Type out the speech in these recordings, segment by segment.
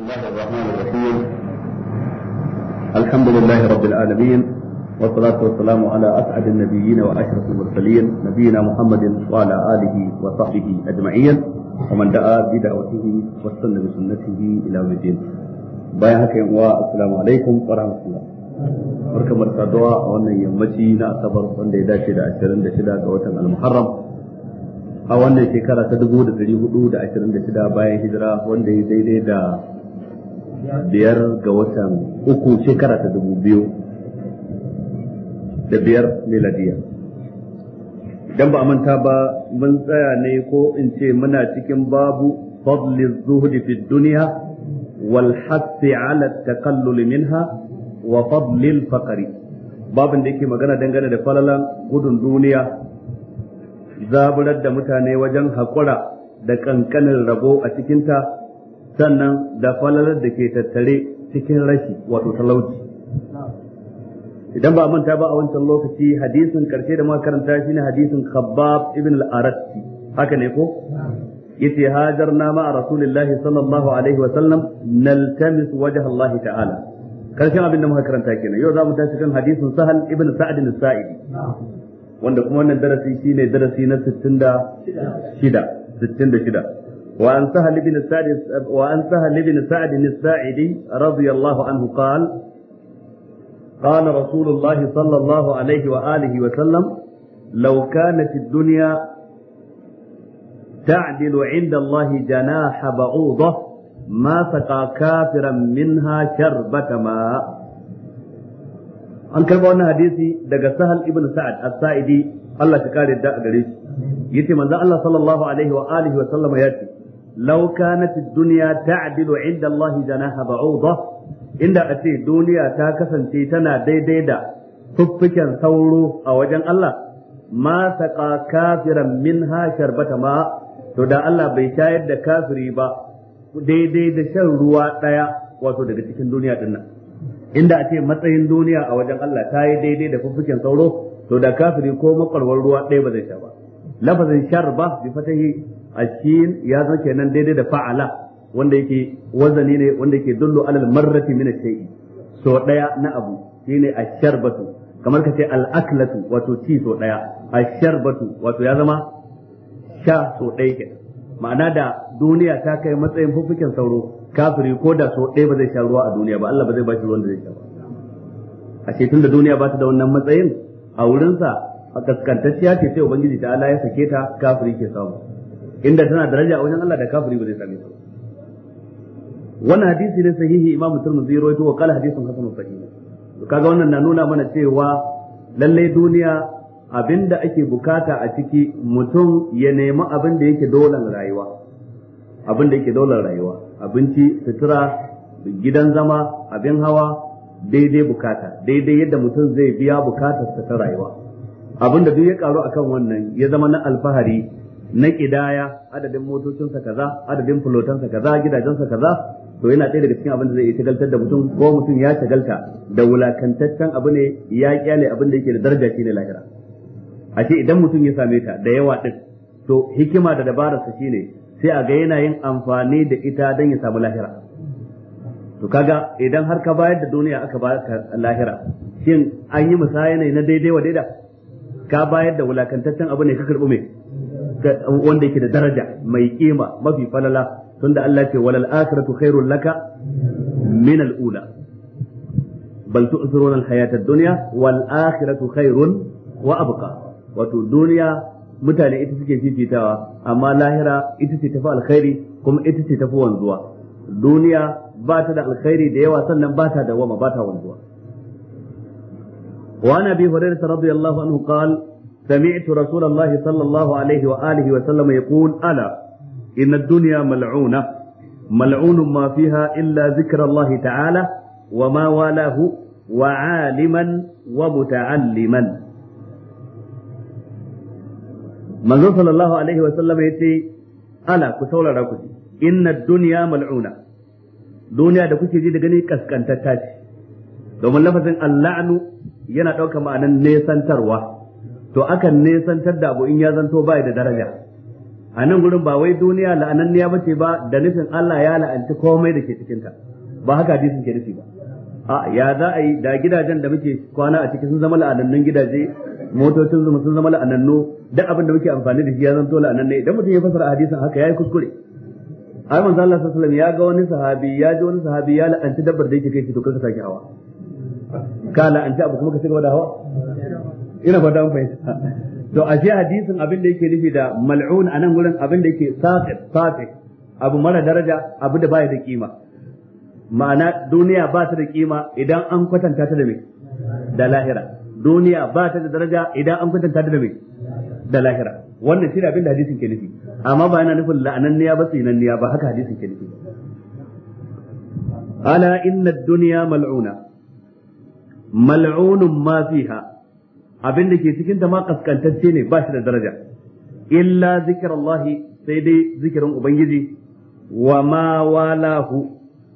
الله الرحمن الرحيم الحمد لله رب العالمين والصلاة والسلام على أسعد النبيين وأشرف المرسلين نبينا محمد وعلى آله وصحبه أجمعين ومن دعا بدعوته واستنى بسنته إلى يوم الدين بايعك والسلام عليكم ورحمة الله barka barka duwa a wannan yammaci na asabar wanda ya dace da 26 ga watan al-muharram a wannan shekara ta 1426 bayan hijira wanda ya daidai da biyar ga watan uku shekara ta dubu biyu da biyar miladiya dan ba a manta ba mun tsaya ne ko in ce muna cikin babu fadli zuhudi fi duniya, wal hasi ala takallul minha wa fadli fakari babin da yake magana dangane da falalan gudun duniya zaburar da mutane wajen haƙura da ƙanƙanin rabo a cikinta sannan da falalar da ke tattare cikin rashi wato talauci idan ba manta ba a wancan lokaci hadisin karshe da makaranta shi ne hadisin Khabbab ibn al-Arati haka ne ko yace hajarna ma rasulullahi sallallahu alaihi wa sallam naltamis wajha Allah ta'ala karshen abin da muka karanta kenan yau za mu tashi kan hadisin Sahal ibn Sa'd al-Sa'idi wanda kuma wannan darasi shine darasi na 66 66 وعن سهل بن سعد وعن سهل بن سعد الساعدي رضي الله عنه قال قال رسول الله صلى الله عليه وآله وسلم لو كانت الدنيا تعدل عند الله جناح بعوضة ما سقى كافرا منها شربة ماء an karba wannan hadisi daga sahal ibn sa'ad as-sa'idi Allah ta kare da a gare shi yace manzo Allah sallallahu alaihi wa alihi wa sallama yace law kanat ad-dunya ta'dilu 'inda Allah janaha ba'udah inda a ce duniya ta kasance tana daidai da fuffuken sauro a wajen Allah ma kafiran minha sharbata ma to da Allah bai shayar da kafiri ba daidai da shan ruwa daya wato daga cikin duniya dinnan inda a ce matsayin duniya a wajen Allah ta yi daidai da fuffuken sauro to da kafiri ko makwarwar ruwa ɗaya ba zai sha ba lafazin sharba bi fatahi ashin ya zama kenan daidai da fa'ala wanda yake wazani ne wanda yake dullu alal marrati min shay'i so daya na abu shine asharbatu kamar ka ce al wato ci so daya asharbatu wato ya zama sha so daya ma'ana da duniya ta kai matsayin fuffuken sauro kafiri ko da so daya ba zai sha ruwa a duniya ba Allah ba zai ba shi ruwan da zai sha ba ashe tunda duniya bata da wannan matsayin a wurinsa a kaskantacciya ce sai ubangiji ta Allah ya sake ta kafiri ke samu inda tana daraja a wajen Allah da kafiri ba zai same ta wannan hadisi ne sahihi imamu tirmidhi ya rawaito wa qala hasan hasanun to kaga wannan na nuna mana cewa lallai duniya abinda ake bukata a ciki mutum ya nemi abinda da yake dolan rayuwa Abinda yake dolan rayuwa abinci sutura gidan zama abin hawa daidai bukata daidai yadda mutum zai biya bukatar ta rayuwa Abinda duk ya karu akan wannan ya zama na alfahari na kidaya adadin motocinsa kaza adadin fulotansa kaza gidajensa kaza to yana ɗaya daga cikin abin da zai iya shagaltar da mutum ko mutum ya shagalta da wulakantaccen abu ne ya kyale abin da yake da daraja shi ne lahira a ce idan mutum ya same ta da yawa din to hikima da dabararsa shine sai a ga yana yin amfani da ita don ya samu lahira to kaga idan har ka bayar da duniya aka ba ka lahira shin an yi musaya ne na daidai wa daida ka bayar da wulakantaccen abu ne ka karɓi mai wanda yake da daraja mai kima mafi falala tunda Allah ce walal akhiratu khairul laka min al ula bal tu'thiruna al hayata ad dunya wal akhiratu khairun wa abqa wato duniya mutane ita suke fifitawa amma lahira ita ce tafi alkhairi kuma ita ce tafi wanzuwa duniya ba ta da alkhairi da yawa sannan ba ta da dawama ba ta wanzuwa wa nabi hurairah radiyallahu anhu qala سمعت رسول الله صلى الله عليه وآله وسلم يقول ألا إن الدنيا ملعونة ملعون ما فيها إلا ذكر الله تعالى وما والاه وعالما ومتعلما manzo sallallahu alaihi wa sallama yace ala ku saurara ku inna dunya mal'una duniya da kuke ji da gani kaskantatta ce domin lafazin alla'nu yana ɗaukar ma'anan nesantarwa to akan nesantar da abu in ya zanto ba da daraja a nan gurin ba wai duniya la'ananniya ba ce ba da nufin Allah ya la'anci komai da ke cikinta ba haka hadisin ke nufi ba a ya za a yi da gidajen da muke kwana a ciki sun zama la'anannun gidaje motocin zuma sun zama la'anannu duk abin da muke amfani da shi ya zanto la'ananne idan mutum ya fasara hadisin haka yayi kuskure ai manzo Allah sallallahu alaihi wasallam ya ga wani sahabi ya ji wani sahabi ya la'anci dabbar da yake kai shi to kanka sake hawa ka la'anci abu kuma ka cigaba da hawa ina fata an fahimta to a ji hadisin abin da yake nufi da mal'un a nan wurin abin da yake saqit saqit abu mara daraja abu da baya da kima ma'ana duniya ba ta da kima idan an kwatanta ta da me da lahira duniya ba ta da daraja idan an kwatanta ta da me da lahira wannan shi abin da hadisin ke nufi amma ba yana nufin la'ananniya ba tsinanniya ba haka hadisin ke nufi ala inna ad-dunya mal'una mal'unun ma fiha abin da ke cikin ta ma kaskantacce ne ba shi da daraja illa zikrullahi sai dai zikirin ubangiji wa ma walahu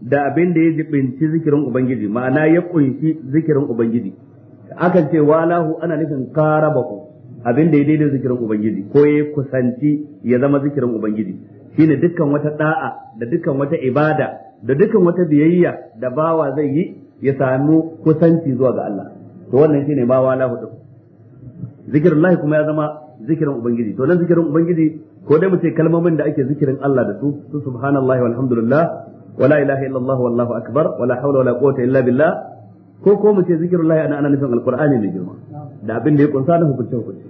da abin da ya jibinci zikirin ubangiji ma'ana ya kunshi zikirin ubangiji akan ce walahu ana nufin karabahu abin da ya daidai zikirin ubangiji ko ya kusanci ya zama zikirin ubangiji shine dukkan wata da'a da dukkan wata ibada da dukkan wata biyayya da bawa zai yi ya samu kusanci zuwa ga Allah to wannan shine ma walahu da zikirin lahi kuma ya zama zikirin ubangiji to nan zikirin ubangiji ko dai mu ce kalmomin da ake zikirin Allah da su su subhanallahi walhamdulillah wala ilaha illallah wallahu akbar wala hawla wala quwwata illa billah ko ko mu ce zikirin lahi ana ana nufin alqur'ani ne girma da abin da ya kunsa na hukunce hukunce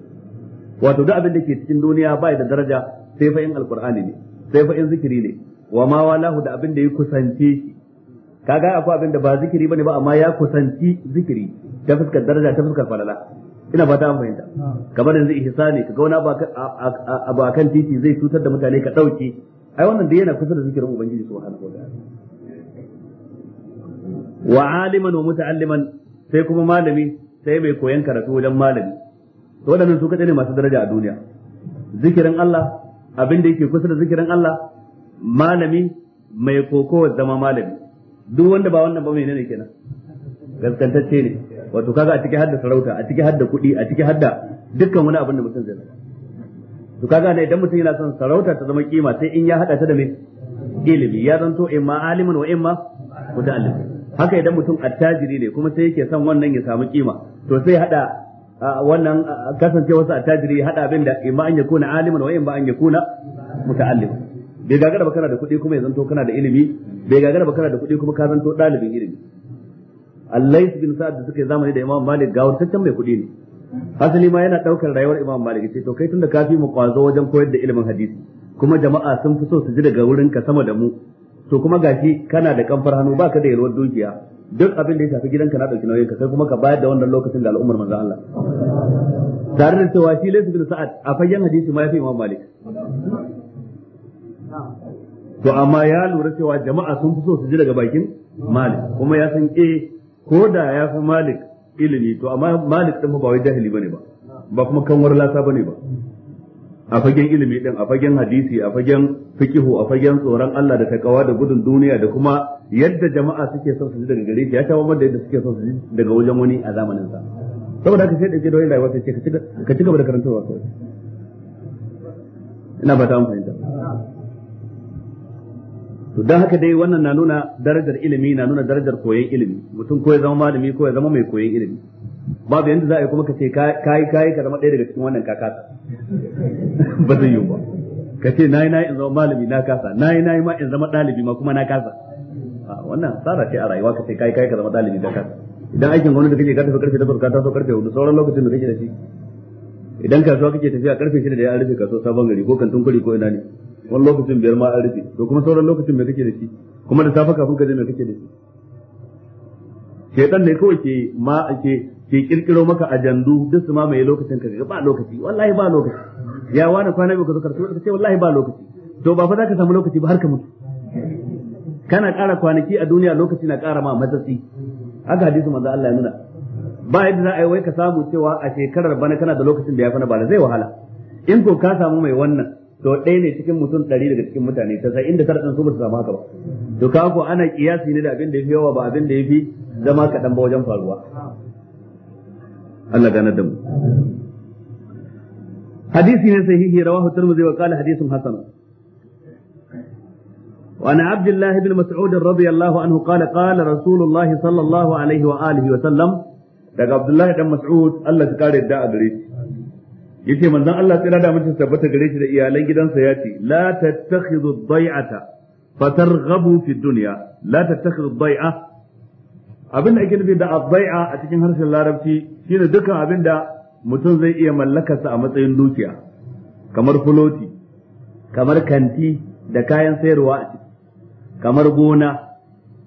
wato duk abin da ke cikin duniya ba da daraja sai fa in alqur'ani ne sai fa in zikiri ne wa ma walahu da abin da ya kusance shi kaga akwai abin da ba zikiri bane ba amma ya kusanci zikiri ta fuskar daraja ta fuskar falala ina fata an fahimta kamar yanzu ihsani kaga wani abu kan titi zai cutar da mutane ka dauke ai wannan da yana kusa da zikirin ubangiji subhanahu wataala wa aliman wa muta'alliman sai kuma malami sai mai koyan karatu wajen malami to wadannan su kadai ne masu daraja a duniya zikirin Allah abin da yake kusa da zikirin Allah malami mai kokowar zama malami duk wanda ba wannan ba mai ne kenan gaskantacce ne wato kaga a ciki hadda sarauta a ciki hadda kuɗi a ciki hadda dukkan wani abin da mutum zai zama to kaga ne idan mutum yana son sarauta ta zama kima sai in ya hada ta da me ilimi ya zanto imma alimin wa imma muta'allim haka idan mutum attajiri ne kuma sai yake son wannan ya samu kima to sai hada wannan kasancewa sa attajiri hada abin da imma an yakuna alimin wa imma an yakuna muta'allim bai gagara ba kana da kuɗi kuma ya zanto kana da ilimi bai gagara ba kana da kuɗi kuma ka zanto ɗalibin ilimi Allah bin Sa'ad da suka yi zamani da Imam Malik gawurtaccen mai kuɗi ne asali ma yana daukar rayuwar Imam Malik sai to kai tunda ka fi mu kwazo wajen koyar da ilimin hadisi kuma jama'a sun fi so su ji daga wurin ka sama da mu to kuma gashi kana da kamfar hannu baka da yalwar dukiya duk abin da ya shafi gidanka na dauki nauyin ka kai kuma ka bayar da wannan lokacin da al'ummar manzon Allah tare da cewa shi Layth bin Sa'ad a fayyan hadisi ma ya fi Imam Malik to amma ya lura cewa jama'a sun fi so su ji daga bakin Malik kuma ya san eh ko da ya fi malik ilimi to amma malik din ba wai jahili bane ba ba kuma kanwar lasa bane ba a fagen ilimi din a fagen hadisi a fagen fikihu a fagen tsoron Allah da takawa da gudun duniya da kuma yadda jama'a suke son su ji daga gare shi ya ta da yadda suke son su ji daga wajen wani a zamanin sa saboda haka sai dauke da wani rayuwa sai ka ci gaba da karantarwa ina ba ta da. to dan haka dai wannan na nuna darajar ilimi na nuna darajar koyon ilimi mutum ko ya zama malami ko ya zama mai koyon ilimi babu yanda za a yi kuma ka ce kayi kayi ka zama ɗaya daga cikin wannan kakasa ba zai yi ba ka ce nayi nayi in zama malami na kasa nayi nayi ma in zama ɗalibi ma kuma na kasa wannan tsara ce a rayuwa ka ce kayi kayi ka zama ɗalibi na kasa idan aikin gwamnati kake ka tafi karfe takwas ka taso karfe hudu sauran lokacin da kake da shi idan kasuwa kake tafiya karfe shida da ya rufe kasuwa sabon gari ko kantin kuri ko ina ne wani lokacin biyar ma an rufe to kuma sauran lokacin me kake da shi kuma da safa kafin ka je mai kake da shi shaitan ne kawai ke ma ake ke kirkiro maka ajandu duk su ma mai lokacin ka ba lokaci wallahi ba lokaci ya wani kwana biyu ka zo karatu ka ce wallahi ba lokaci to ba fa za ka samu lokaci ba har ka mutu kana ƙara kwanaki a duniya lokaci na ƙara ma matsatsi haka hadisi manzo Allah ya nuna ba yadda za a yi wai ka samu cewa a shekarar bana kana da lokacin da ya fana ba da, zai wahala in ko ka samu mai wannan to ɗaya ne cikin mutum ɗari daga cikin mutane ta sai inda sarɗin su ba su zama haka ba to ka ko ana kiyasi ne da abin da fi yawa ba abin da ya fi zama kaɗan ba wajen faruwa Allah gane da mu hadisi ne hihi rawahu tirmidhi wa qala hadithun hasan وعن عبد الله بن مسعود رضي الله عنه قال قال رسول الله صلى الله عليه وآله وسلم daga Abdullahi dan Mas'ud Allah ya kare da a yace manzon Allah tsira da mutum tabbata gare shi da iyalan gidansa ya ce la tattakhidhu dhai'ata fatarghabu fi dunya la tattakhidhu dhai'a abin da ake nufi da dhai'a a cikin harshen larabci shine dukkan abin da mutum zai iya mallakarsa a matsayin dukiya kamar fuloti kamar kanti da kayan sayarwa a ciki kamar gona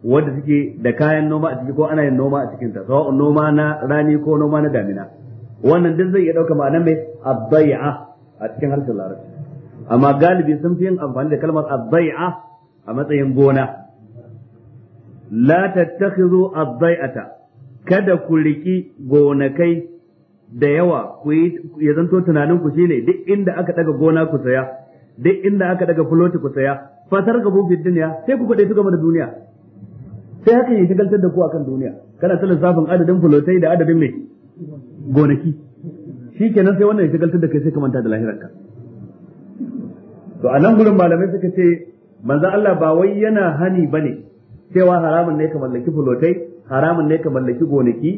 wadda suke da kayan noma a ciki ko ana yin noma a cikinta sawa'un noma na rani ko noma na damina wannan duk zai iya dauka ma'anar mai abdai'a a cikin harshen larabci amma galibi sun fi yin amfani da kalmar abdai'a a matsayin gona la tattakhidhu abdai'ata kada ku riki gonakai da yawa ku yi ya zanto tunanin ku shine duk inda aka daga gona ku saya duk inda aka daga fuloti ku saya sarka bu fid dunya sai ku kudai su game da duniya sai haka ya shigaltar da ku akan duniya kana ta lissafin adadin fulotai da adadin mai gonaki shi kenan sai wannan ya shagaltar da kai sai ka manta da lahirarka to a nan gurin malamai suka ce manzo Allah ba wai yana hani bane cewa haramun ne ka mallaki fulotai haramun ne ka mallaki gonaki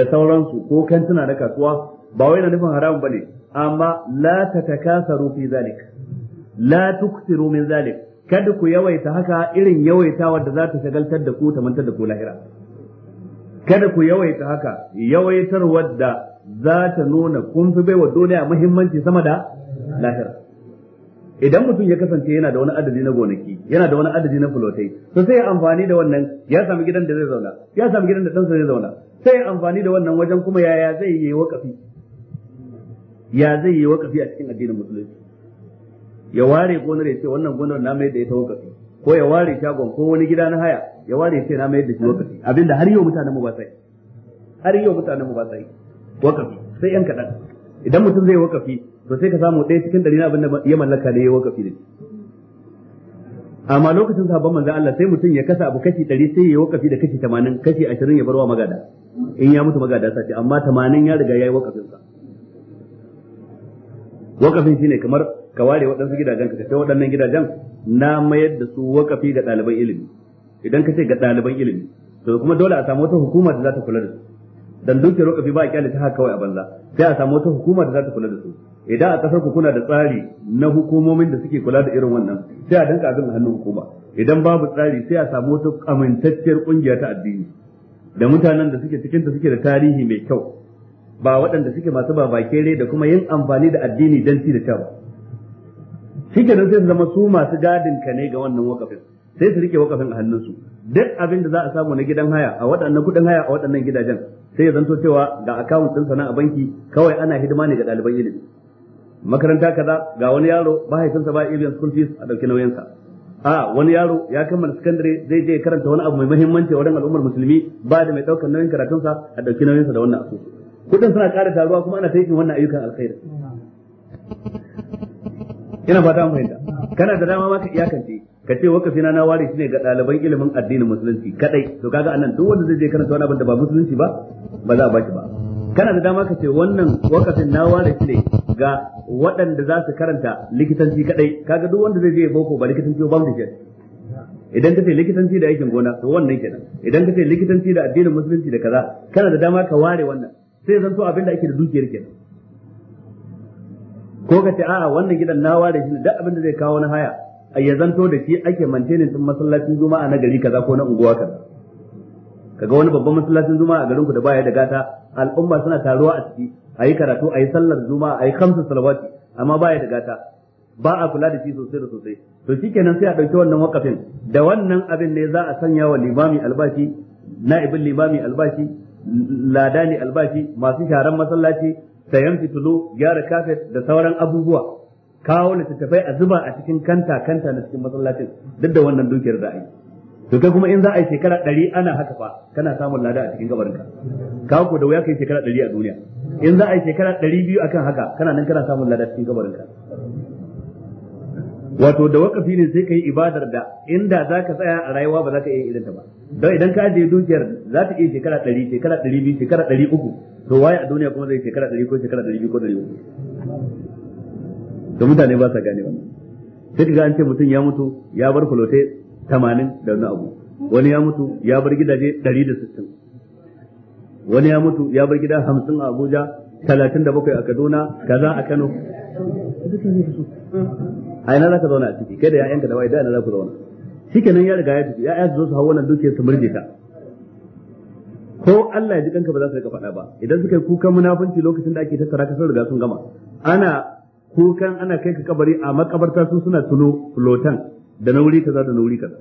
da sauransu ko kantuna na kasuwa ba wai yana nufin haramun bane amma la tatakasaru fi zalik la tuksiru min zalik kada ku yawaita haka irin yawaita wanda za ta shagaltar da ku ta mantar da ku lahira kada ku yawaita haka yawaitar wadda za ta nuna kun fi baiwa duniya muhimmanci sama da lahira idan mutum ya kasance yana da wani adadi na gonaki yana da wani adadi na fulotai to sai ya amfani da wannan ya sami gidan da zai zauna ya sami gidan da ɗansa zai zauna sai ya amfani da wannan wajen kuma yaya zai yi wakafi ya zai yi wakafi a cikin addinin musulunci ya ware gonar ya ce wannan gonar na mai da ita wakafi ko ya ware shagon ko wani gida na haya ya ware ya ce na mai da shi wakafi abinda har yau mutanen mu ba sai har yau mutanen mu ba sai wakafi sai yan kaɗan idan mutum zai wakafi to sai ka samu ɗaya cikin ɗari na abin da ya mallaka da ya wakafi ne amma lokacin sabon manzan Allah sai mutum ya kasa abu kashi ɗari sai ya wakafi da kashi tamanin kashi ashirin ya barwa magada in ya mutu magada sace amma tamanin ya riga ya yi sa wakafin shine kamar ka ware waɗansu gidajen ka sai waɗannan gidajen na mayar da su wakafi ga ɗaliban ilimi idan ka ce ga ɗaliban ilimi to kuma dole a samu wata hukuma da za ta kula da su dan dukiyar fi ba a kyale ta haka kawai a banza sai a samu wata hukuma da za ta kula da su idan a kasar ku kuna da tsari na hukumomin da suke kula da irin wannan sai a danka abin hannun hukuma idan babu tsari sai a samu wata amintacciyar kungiya ta addini da mutanen da suke cikin ta suke da tarihi mai kyau ba waɗanda suke masu babakere da kuma yin amfani da addini dan ci da tawa shike nan sai su zama su masu gadin ka ne ga wannan wakafin sai su rike wakafin a hannunsu duk abin da za a samu na gidan haya a waɗannan kuɗin haya a waɗannan gidajen sai ya zanto cewa ga account ɗinsa na a banki kawai ana hidima ne ga ɗaliban ilimi makaranta kaza ga wani yaro ba mahaifinsa ba ilimin school fees a ɗauki nauyinsa a wani yaro ya kammala sakandare zai je karanta wani abu mai muhimmanci wurin al'ummar musulmi ba da mai ɗaukar nauyin karatunsa a ɗauki nauyinsa da wannan abu kuɗin suna ƙara taruwa kuma ana taikin wannan ayyukan alkhairi ina fata mu fahimta kana da dama ma ka iyakance ka ce waka fina na ware shi ne ga ɗaliban ilimin addinin musulunci kadai to kaga anan duk wanda zai je karanta wani abin da ba musulunci ba ba za a baki ba kana da dama ka ce wannan wakafin na ware shi ne ga waɗanda za su karanta likitanci kadai kaga duk wanda zai je boko ba likitanci ba mu da shi idan ka ce likitanci da aikin gona to wannan kenan idan ka ce likitanci da addinin musulunci da kaza kana da dama ka ware wannan sai zan to abin da ake da dukiyar kenan ko ka ce a'a wannan gidan na ware shi duk abin da zai kawo na haya a ya zanto da shi ake mantenin din masallacin juma'a na gari kaza ko na unguwa kaza kaga wani babban masallacin juma'a a garin ku da baya da gata al'umma suna taruwa a ciki ayi karatu ayi sallar juma'a ayi khamsu salawati amma baya da gata ba a kula da shi sosai da sosai to shikenan sai a dauki wannan wakafin da wannan abin ne za a sanya wa limami albashi na'ibin limami albashi ladani albashi masu sharan masallaci sayan fitilu gyara kafet da sauran abubuwa kawo littattafai a zuba a cikin kanta kanta na cikin masallacin duk da wannan dukiyar da ai to kai kuma in za a yi shekara ɗari ana haka fa kana samun lada a cikin gabarinka ka ko da wuya kai shekara ɗari a duniya in za a yi shekara ɗari biyu akan haka kana nan kana samun lada a cikin gabarinka wato da wakafi ne sai ka yi ibadar da inda za ka tsaya a rayuwa ba za ka iya irin ta ba don idan ka ajiye dukiyar za ta iya shekara ɗari shekara ɗari biyu shekara ɗari uku to waye a duniya kuma zai shekara ɗari ko shekara ɗari biyu ko ɗari uku to mutane ba sa gane wannan sai kaga an ce mutum ya mutu ya bar kulote 80 da wani abu wani ya mutu ya bar gidaje 160 wani ya mutu ya bar gida 50 a Abuja 37 a Kaduna kaza a Kano a ina zaka zauna a ciki kai da ƴaƴanka da wai da ina zaka zauna shikenan ya riga ya tafi ya su zo su hawo wannan dukiyar su murje ta ko Allah ya ji kanka ba za su rika faɗa ba idan suka yi kukan munafunci lokacin da ake tattara ka sun riga sun gama ana kukan ana kai ka kabari a makabarta su suna tuno lotan da na wuri kaza da na wuri kaza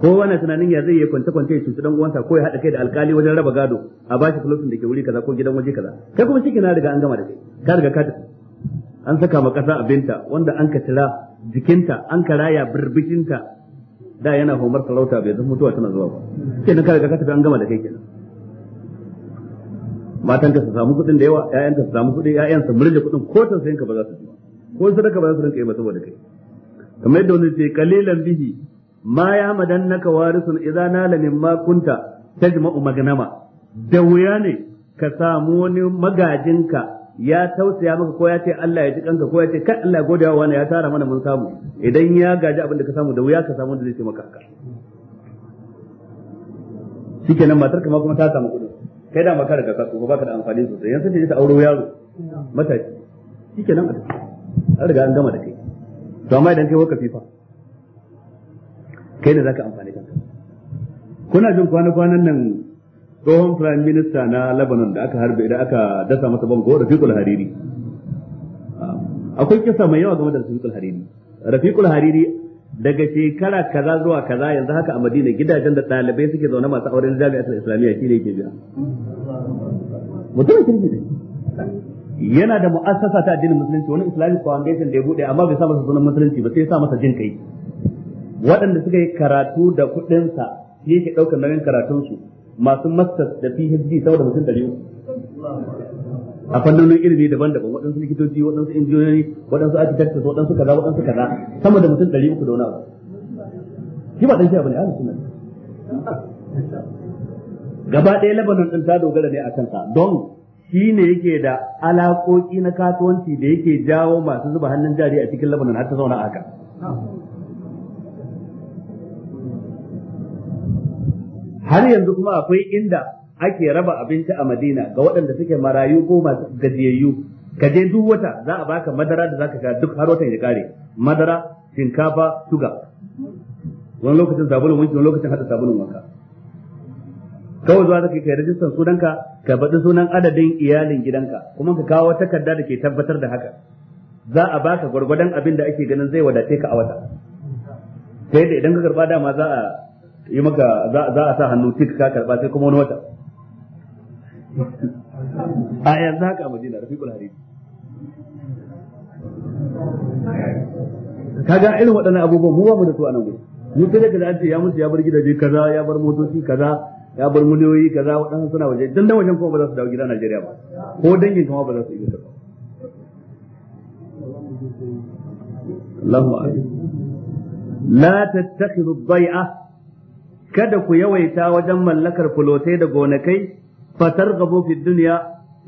ko wani tunanin ya zai yi kwance kwanta ya cuci dan uwansa ko ya haɗa kai da alkali wajen raba gado a bashi fulotin da ke wuri kaza ko gidan waje kaza kai kuma shi na riga an gama da kai ka riga ka an saka ma kasa abinta wanda an ka tira jikinta an ka raya birbishinta da yana homar talauta bai zan mutuwa tana zuwa ba kenan ka riga ka tafi an gama da kai kenan matanka su samu kuɗin da yawa ƴaƴanka su samu kuɗi ƴaƴansa su murje kuɗin ko tausayin ka ba za su ji ko sadaka ba za su rinka yi ba saboda kai kamar yadda wani ce kalilan bihi ma ya madannaka warisun idza nala ma kunta tajma'u magnama da wuya ne ka samu wani magajinka ya tausaya maka ko ya ce Allah ya ji kanka ko ya ce kai Allah ya gode wa wani ya tara mana mun samu idan ya gaji abin da ka samu da wuya ka samu wanda zai ce maka haka shikenan matar kama kuma ta samu kuɗin kai da maka daga kasu baka da amfani sosai yanzu sai ta auro yaro matashi shikenan a tafi an riga an gama da kai to amma idan kai waka fa kai ne zaka amfani kanka kuna jin kwana-kwanan nan tsohon prime minister na Lebanon da aka harbe da aka dasa masa bango Rafiqul Hariri akwai kisa mai yawa game da Rafiqul Hariri Rafiqul Hariri daga shekara kaza zuwa kaza yanzu haka a Madina gidajen da ɗalibai suke zaune masu auren ta islamiyya shine ke biya Mutumin kirki ne yana da mu'assasa ta addinin musulunci wani islamic foundation da ya bude amma bai sa masa sunan musulunci ba sai ya sa masa jin kai waɗanda suka yi karatu da kuɗin sa yake ɗaukar nauyin karatunsu, masu masters da PhD saboda mutum uku a fannonin ilimi daban-daban waɗansu likitoci waɗansu injiniyoyi waɗansu architects waɗansu kaza waɗansu kaza sama da mutum ɗari uku da wani abu shi ba ɗan shi abu ne ahlus gaba ɗaya Lebanon ɗin ta dogara ne a kansa don shi ne yake da alaƙoƙi na kasuwanci da yake jawo masu zuba hannun jari a cikin Lebanon har ta zauna a haka. Har yanzu kuma akwai inda ake raba abinci a Madina ga waɗanda suke marayu ko masu gajiyayyu ka je duk wata za a baka madara da zaka ga duk har watan ya kare madara shinkafa suga wani lokacin sabulun wanki wani lokacin hada sabulun wanka kawai zuwa zaka kai rajistar sunanka ka baɗi sunan adadin iyalin gidanka kuma ka kawo takarda da ke tabbatar da haka za a baka gwargwadon abin da ake ganin zai wadace ka a wata sai da idan ka karba dama za a yi maka za a sa hannu tik ka karba sai kuma wani wata a yanzu haka a madina rafiqul hariri kaga irin waɗannan abubuwan mu ba mu da su a nan gudu mu sai kaza an ce ya mutu ya bar gidaje kaza ya bar motoci kaza ya bar miliyoyi kaza waɗansu suna waje dan dan wajen kuma ba za su dawo gida Najeriya ba ko dangin kuma ba za su iya ba Allahumma amin la tattakhidhu dhai'a kada ku yawaita wajen mallakar fulotai da gonakai gabo fi duniya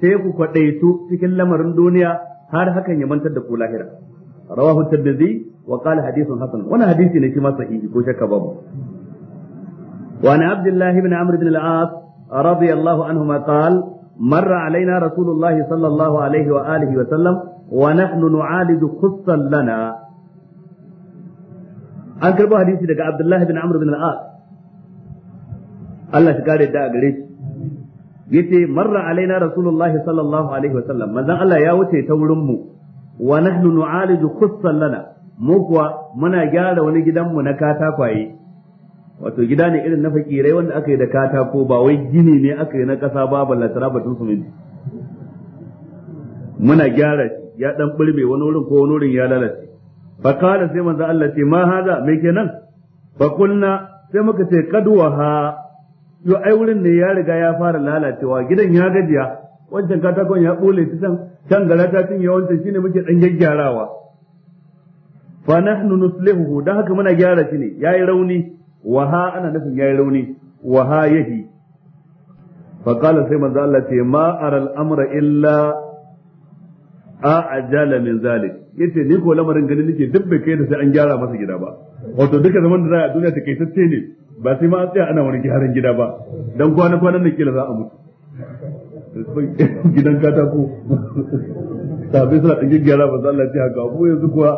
sai ku kwadaitu cikin lamarin duniya har hakan ya mantar da ku lahira rawahu tirmidhi wa qala hadithun hasan wannan hadisi ne shi ma sahihi ko shakka babu wa ana abdullahi ibn amr ibn al-as radiyallahu anhu ma qala مر علينا رسول الله صلى الله عليه وآله وسلم ونحن نعالج خصا لنا أنكر حديثي عبد الله بن عمرو بن العاص الله شكاري دا قريش yace marra alaina rasulullahi sallallahu alaihi wasallam manzon Allah ya wuce ta wurin mu wa nahnu nu'aliju khussan lana mu kuwa muna gyara wani gidanmu na katakwaye wato gida ne irin na fakirai wanda aka yi da katako ba wai gini ne aka yi na ƙasa ba ballatara batun suminti muna gyara ya dan burbe wani wurin ko wani wurin ya lalace fa kana sai manzo Allah ce ma hada me kenan fa kulna sai muka ce kadwa ha yo ai wurin ne ya riga ya fara lalacewa gidan ya gajiya wancan katakon ya bule ta can can gara ta cinye wancan shine muke dan gyaggyarawa fa nahnu nuslihuhu dan haka muna gyara shi ne yayi rauni wa ha ana nufin yayi rauni wa ha yahi fa qala sai manzo Allah ce ma aral amra illa a ajala min zalik yace ni ko lamarin ganin nake duk bai kai da sai an gyara masa gida ba wato duka zaman da za a duniya take tacce ne ba sai ma tsaya ana wani gyaran gida ba dan kwana kwanan nan kila za a mutu gidan katako sabai suna ɗan gyara ba za Allah ta haka abu yanzu kuwa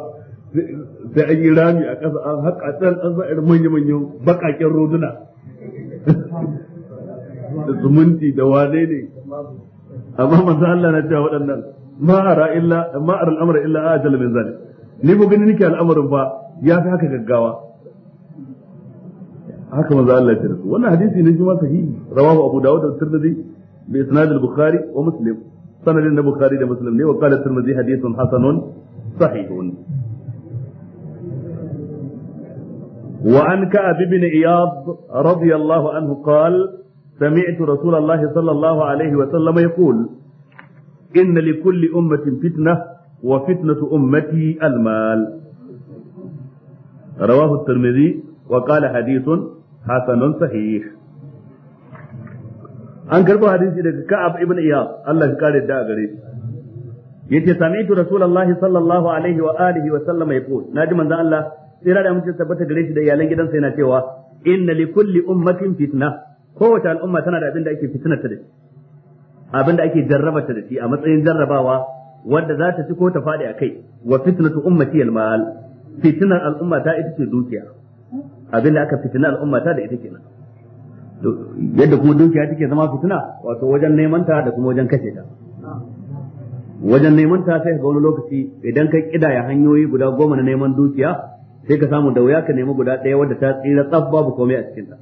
sai an yi rami a ƙasa an haƙa can an sa irin manya-manyan baƙaƙen roduna da zumunci da wane ne amma manzo Allah na cewa waɗannan ma'ara illa ma'ara al'amara illa ajal min zalik ni ko gani nake al'amarin ba ya fi haka gaggawa haka manzo Allah ya tarzu wannan hadisi ne jima sahihi rawahu Abu Dawud da Tirmidhi bi isnad al-Bukhari wa Muslim sanadin na Bukhari da Muslim ne wa qala Tirmidhi hadithun hasanun sahihun وعن كعب بن إياض رضي الله عنه قال سمعت رسول الله صلى الله عليه وسلم يقول إن لكل أمة فتنة وفتنة أمتي المال رواه الترمذي وقال حديث hasanun sahih an karbo hadisi daga Ka'ab ibn Iyad Allah ya kare da gare shi yace sami'tu rasulullahi sallallahu alaihi wa alihi wa sallama yaqul naji manzon Allah tsira da mutum tabbata gare shi da iyalan gidansa yana cewa inna li kulli ummatin fitna kowace al'umma tana da abin da ake ta da shi abin da ake jarrabata da shi a matsayin jarrabawa wanda za ta ci ko ta faɗi a kai wa fitnatu ummati al-mal fitnar al'umma ta ita ce dukiya abin da aka fitina al'umma ta da ita kenan yadda kuma dukiya take zama fitina wato wajen neman ta da kuma wajen kashe ta wajen neman ta sai ga wani lokaci idan ka kidaya hanyoyi guda goma na neman dukiya sai ka samu da wuya ka nemi guda ɗaya wadda ta tsira tsaf babu komai a cikin ta.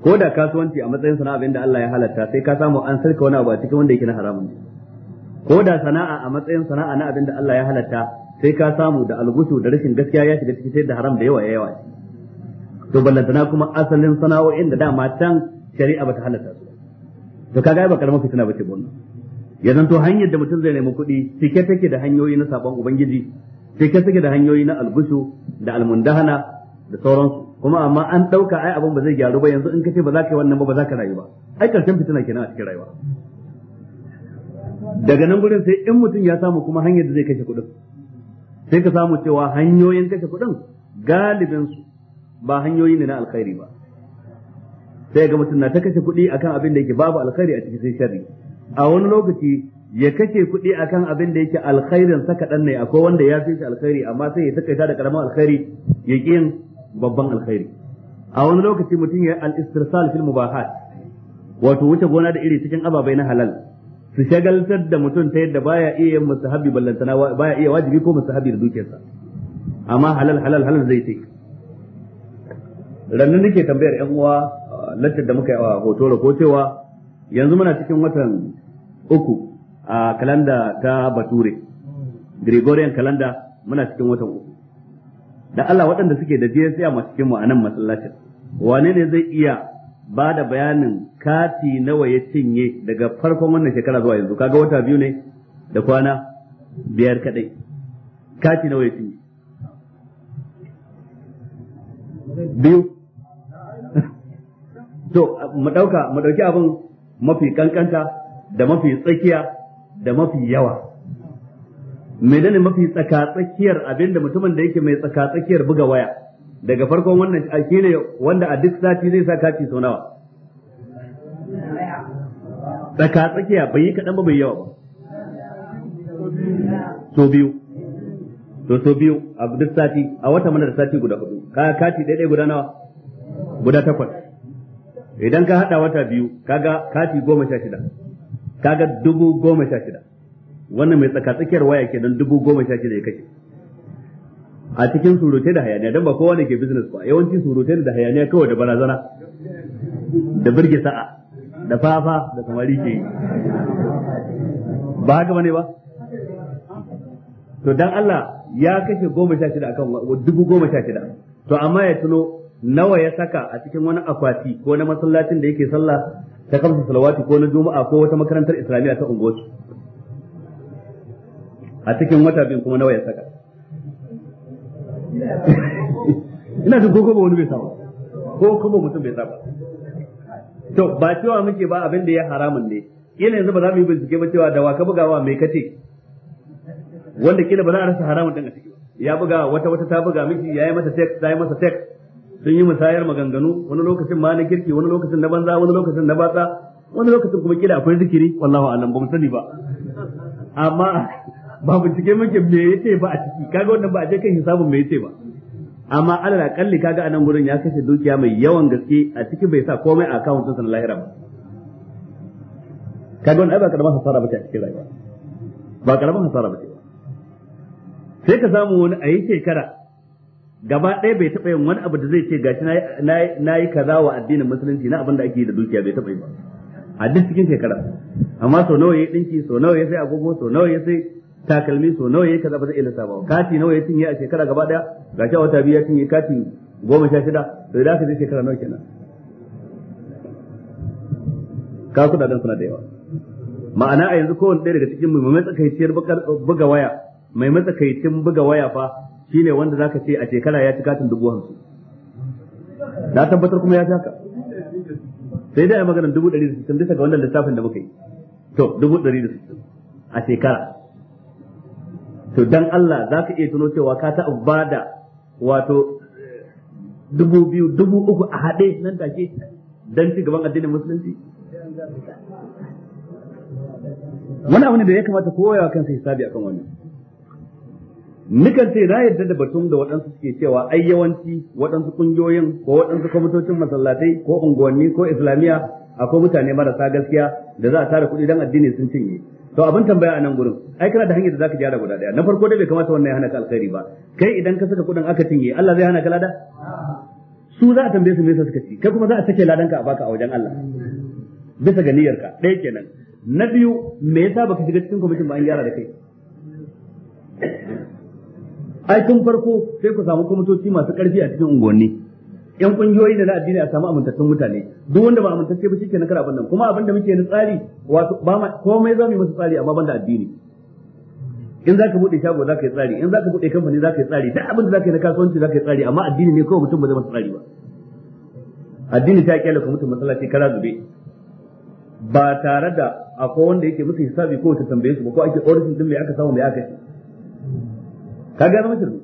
ko da kasuwanci a matsayin sana'a abin da Allah ya halatta sai ka samu an sarka wani abu a cikin wanda yake na haramun ne ko da sana'a a matsayin sana'a na abin da Allah ya halatta sai ka samu da algusu da rashin gaskiya ya shiga cikin sai da haram da yawa yawa to ballantana kuma asalin sana'o'in da dama can shari'a bata halatta su to kaga ba karamar fitina bace ba ya zanto hanyar da mutum zai nemi kuɗi cike take da hanyoyi na sabon ubangiji cike take da hanyoyi na albushu da almundahana da sauransu kuma amma an ɗauka ai abin ba zai gyaru ba yanzu in ka ce ba za ka yi wannan ba ba za ka rayu ba ai karshen fitina kenan a cikin rayuwa daga nan gurin sai in mutum ya samu kuma hanyar da zai kashe kuɗin sai ka samu cewa hanyoyin kashe kuɗin galibin ba hanyoyin ne na alkhairi ba sai ga mutum na ta kashe kuɗi akan abin da yake babu alkhairi a cikin sai a wani lokaci ya kashe kuɗi akan abin da yake alkhairin sa kaɗan ne akwai wanda ya fi shi alkhairi amma sai ya takaita da karamin alkhairi ya ƙi yin babban alkhairi a wani lokaci mutum ya al-istirsal fil mubahat wato wuce gona da iri cikin ababai na halal su shagaltar da mutum ta yadda baya iya yin musahabi ballantana baya iya wajibi ko musahabi da dukiyarsa amma halal halal halal zai sai rannu nake tambayar yan uwa uh, lattar da muka yi a hoto ko cewa yanzu muna cikin watan uku a kalanda ta bature gregorian kalanda muna cikin watan uku da Allah waɗanda suke da jiya masu cikin mu a nan masallacin wane ne zai iya ba da bayanin kati nawa ya cinye daga farkon wannan shekara zuwa yanzu kaga wata biyu ne da kwana biyar kaɗai, kati nawa ya cinye biyu to mu dauka mu dauki abin mafi kankanta da mafi tsakiya da mafi yawa menene mafi tsaka tsakiyar abinda mutumin da yake mai tsaka tsakiyar buga waya daga farkon wannan shine wanda a duk sati zai sa kati sau nawa tsaka tsakiya bai yi kaɗan ba bai yawa ba so biyu to so biyu a duk sati a wata mana da sati guda hudu kati ɗaya guda nawa guda takwas idan ka hada wata biyu kaga kati goma sha shida kaga dubu goma sha shida wannan mai tsaka tsakiyar waya kenan dubu goma sha shida ya kashe a cikin surutai da hayaniya don ba kowa ne ke business ba yawanci surutai da hayaniya kawai da barazana da birge sa'a da fafa da samari ke yi ba haka bane ba to dan Allah ya kashe goma sha shida akan dubu goma sha shida to amma ya tuno nawa ya saka a cikin wani akwati ko na masallacin da yake sallah ta kamsa salawati ko na juma'a ko wata makarantar islamiyya ta unguwarsu a cikin wata bin kuma nawa ya saka ina jin ko ba wani bai saba ko kuma mutum bai saba to ba cewa muke ba abin da ya haramun ne kila yanzu ba za mu yi bincike ba cewa da waka bugawa mai kace wanda kila ba za a rasa haramun din a ciki ya buga wata wata ta buga miki yayi masa text ta yi masa text sun yi musayar maganganu wani lokacin ma na kirki wani lokacin na banza wani lokacin na batsa wani lokacin kuma kila akwai zikiri wallahu alam ba mu sani ba amma ba bincike muke me yace ba a ciki kaga wannan ba a je kan hisabun me yace ba amma alal akalli kaga anan gurin ya kashe dukiya mai yawan gaske a ciki bai sa komai a akawuntin sa na lahira ba kaga wannan ai ba karamar hasara bace a cikin rayuwa ba karamar hasara bace sai ka samu wani a yi shekara gaba ɗaya bai taɓa yin wani abu da zai ce gashi na yi kaza wa addinin musulunci na abin da ake yi da dukiya bai taɓa yi ba a duk cikin shekara amma sau nawa ya ɗinki sau nawa ya sai agogo sau nawa ya sai takalmi sau nawa ya kaza ba zai iya lissafa ba kati nawa ya cinye a shekara gaba ɗaya gashi a wata biyu ya cinye kati goma sha shida to idan aka je shekara nawa kenan ka kuɗaɗen suna da yawa ma'ana a yanzu kowane ɗaya daga cikin mai matsakaiciyar buga waya mai matsakaicin buga waya fa shine wanda zaka ce a shekara ya ci katin dubu hamsin na tabbatar kuma ya ci haka sai dai a maganar dubu ɗari da sittin bisa ga wannan lissafin da muka yi to dubu ɗari da sittin a shekara to dan Allah za ka iya tuno cewa ka ta bada wato eh, dubu biyu dubu uku a haɗe nan ke dan ci gaban addinin musulunci wani abu ne da ya kamata kowa ya kansa hisabi akan wannan Nukan ce na yarda da batun da waɗansu suke cewa ai yawanci waɗansu ƙungiyoyin ko waɗansu kwamitocin masallatai ko unguwanni ko islamiyya akwai mutane marasa gaskiya da za a tara kuɗi don addini sun cinye. To abin tambaya a nan gurin ai kana da hanyar da zaka gyara guda ɗaya na farko dai bai kamata wannan ya hana ka alkhairi ba kai idan ka saka kuɗin aka cinye Allah zai hana ka lada? Su za a tambaye su me yasa suka ci kai kuma za a sake ladanka a baka a wajen Allah bisa ga niyyarka ɗaya kenan na biyu me yasa baka shiga cikin kwamitin ba an gyara da kai ai tun farko sai ku samu kwamitoci masu karfi a cikin unguwanni yan kungiyoyi da na addini a samu amintattun mutane duk wanda ba amintacce ba shike na kar abin nan kuma abin da muke na tsari wato ba ma komai za mu yi masa tsari amma banda addini in za ka buɗe shago za ka yi tsari in za ka buɗe kamfani za ka yi tsari duk abin da za ka yi na kasuwanci za ka yi tsari amma addini ne kawai mutum ba zai masa tsari ba addini ta kyale ku mutum masallaci kara zube ba tare da akwai wanda yake musu hisabi ko ta tambaye su ba ko ake auditing din me aka samu me aka ci kaga zama shirme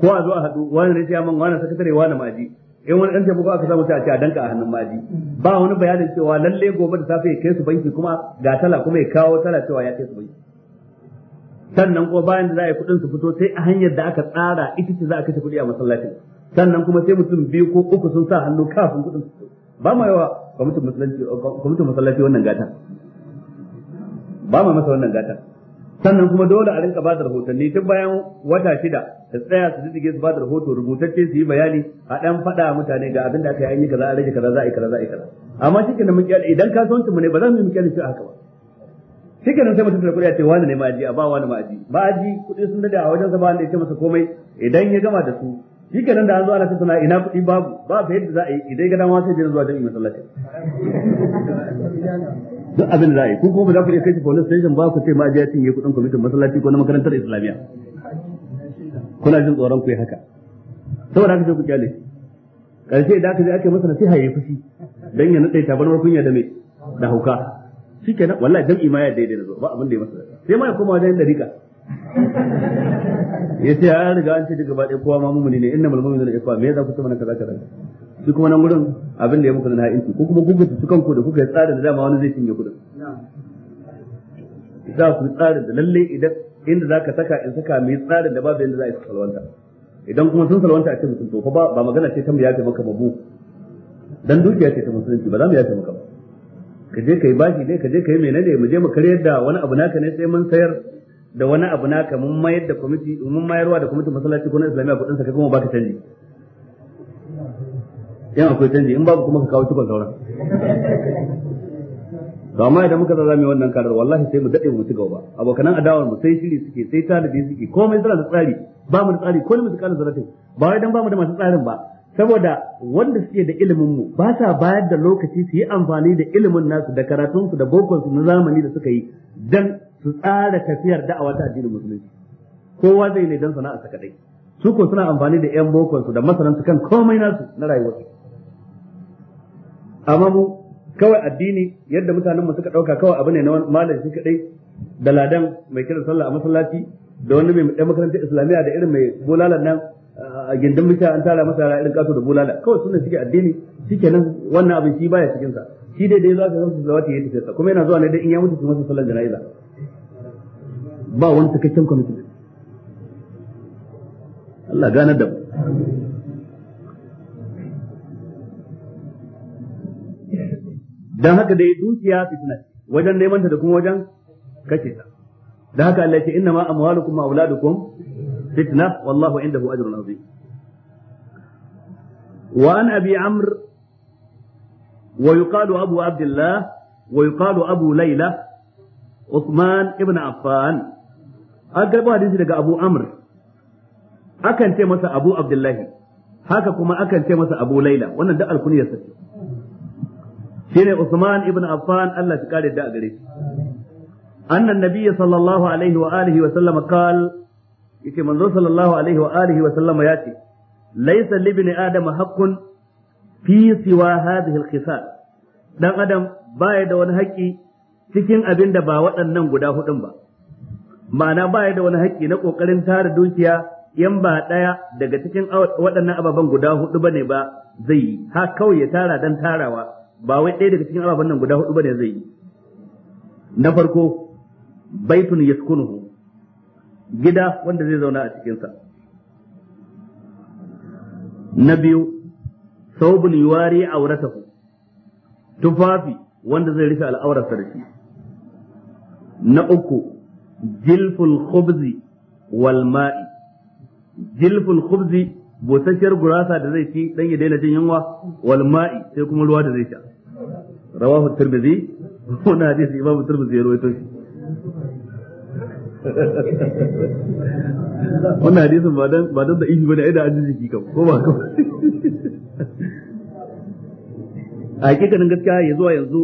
ko a zo a haɗu wani ne ya man wani sakatare wani maji in wani ɗan taimako aka samu sai a ce a danka a hannun maji ba wani bayanin cewa lalle gobe da safe ya kai su banki kuma ga tala kuma ya kawo tala cewa ya kai su banki sannan ko bayan da za a yi kuɗin su fito sai a hanyar da aka tsara ita ce za a kashe kuɗi a masallacin sannan kuma sai mutum biyu ko uku sun sa hannu kafin kuɗin su ba ma yawa kwamitin masallaci wannan gata ba ma masa wannan gata sannan kuma dole a rinka bada rahotanni tun bayan wata shida da tsaya su jijjige su bada rahoto rubutacce su yi bayani a dan faɗa mutane ga abin da aka yi kaza a rage kaza za a yi kaza za a yi kaza amma shi kenan mun kyale idan kasuwancin mu ne ba za mu yi kyale shi haka ba shi kenan sai mutum da kuɗi ya ce wani ne ma'aji a ba wani ma'aji ma'aji kuɗi sun dade a wajen sa ba wanda ya ce masa komai idan ya gama da su shi kenan da an zo ana suna ina kuɗi babu ba fa yadda za a yi idan ga dama sai ya zuwa jami'in masallaci duk abin da za yi ku kuma za ku iya kai shi police station ba ku ce ma je cinye kudin kwamitin masallaci ko na makarantar islamiyya kuna jin tsoron ku yi haka saboda haka sai ku kyale karshe da aka je ake masa nasiha yayi fushi dan ya nade tabarwar kunya da me da hauka shikenan wallahi dan ima ya daidai da zo ba abin da ya masa sai ma ya koma wajen dariƙa ya ce ya riga an ce daga ba ɗaya kowa ma mumuni ne inna malmumin zan kowa me ya za ku ce mana kaza kaza shi kuma nan gurin abin da ya muku na inci ko kuma kuka su kanku da kuka yi tsarin da dama wani zai cinye kudin za ku tsarin da lalle idan inda za ka saka in saka mai tsarin da babu yadda za a yi salwanta idan kuma sun salwanta a ce mutum to ba ba magana ce ta mu yafe maka mabu dan dukiya ce ta musulunci ba za mu yafe maka ba ka je kai bashi ne ka je kai menene mu je mu karyar da wani abu naka ne sai mun sayar da wani abu naka mun mayar da kwamiti mun mayarwa da kwamitin masallaci ko na islamiyya kudin sa kai kuma baka canji Yan akwai canji in babu kuma ka kawo cikon sauran to amma idan muka zama wannan karar wallahi sai mu dade mu ci gaba abokanan adawar mu sai shiri suke sai talibi suke komai suna da tsari ba mu da tsari ko mu tsakanin zaratin ba wai dan ba mu da masu tsarin ba saboda wanda suke da ilimin mu ba sa bayar da lokaci su yi amfani da ilimin nasu da karatun su da bokon su na zamani da suka yi dan su tsara tafiyar da'awa ta addinin musulunci kowa zai ne dan sana'a sa kadai su ko suna amfani da yan bokon su da masaran su kan komai nasu na rayuwarsu amma mu kawai addini yadda mutanen mu suka dauka kawai abu ne na malam shi kadai da ladan mai kira sallah a masallaci da wani mai dan makarantar islamiyya da irin mai bulalan nan a gindin mita an tara masa irin kato da bulala kawai sunan suke addini nan wannan abin shi baya cikin sa shi dai dai za ka san su zawati yayi tafiya kuma yana zuwa ne dai in ya mutu kuma sallan jana'iza ba wani cikakken kwamitin Allah ganar da mu dan haka dai dukiya fitna wajen neman ta da kuma wajen kace ta dan haka Allah ya ce inna ma amwalukum wa auladukum fitna wallahu indahu ajrun azim wa an abi amr wa yuqalu abu abdullah wa yuqalu abu layla Uthman ibn Affan an karɓi hadisi daga Abu Amr akan ce masa Abu Abdullahi haka kuma akan ce masa Abu Laila wannan da alkunyarsa ce shine Usman ibn Affan Allah ya kare da a gare shi annan nabiyyi sallallahu alaihi wa alihi wa sallama qal yake manzo sallallahu alaihi wa alihi wa sallama ya ce laysa li ibn adam haqqun fi siwa hadhihi al-khisal dan adam baya da wani haƙƙi cikin abin da ba waɗannan guda hudun ba ma'ana baya da wani haƙƙi na ƙoƙarin tara dukiya yan ba ɗaya daga cikin waɗannan ababen guda hudu bane ba zai yi ha kawai ya tara dan tarawa ba wai ɗaya daga cikin ababen nan guda hudu ne zai yi na farko baitun yaskunuhu gida wanda zai zauna a cikinsa na biyu saubun yuwari auratahu tufafi wanda zai rufe al'aurarsa da shi na uku jilful khubzi wal ma'i jilful khubzi busasshiyar gurasa da zai ci dan ya daina jin yunwa wal ma'i sai kuma ruwa da zai sha rawahu tirmidhi wannan hadisi imamu tirmidhi ya rawaito shi wannan hadisin ba dan ba dan da ihi bane ai da ajiji jiki kam ko ba ko a hakikanin gaskiya ya zuwa yanzu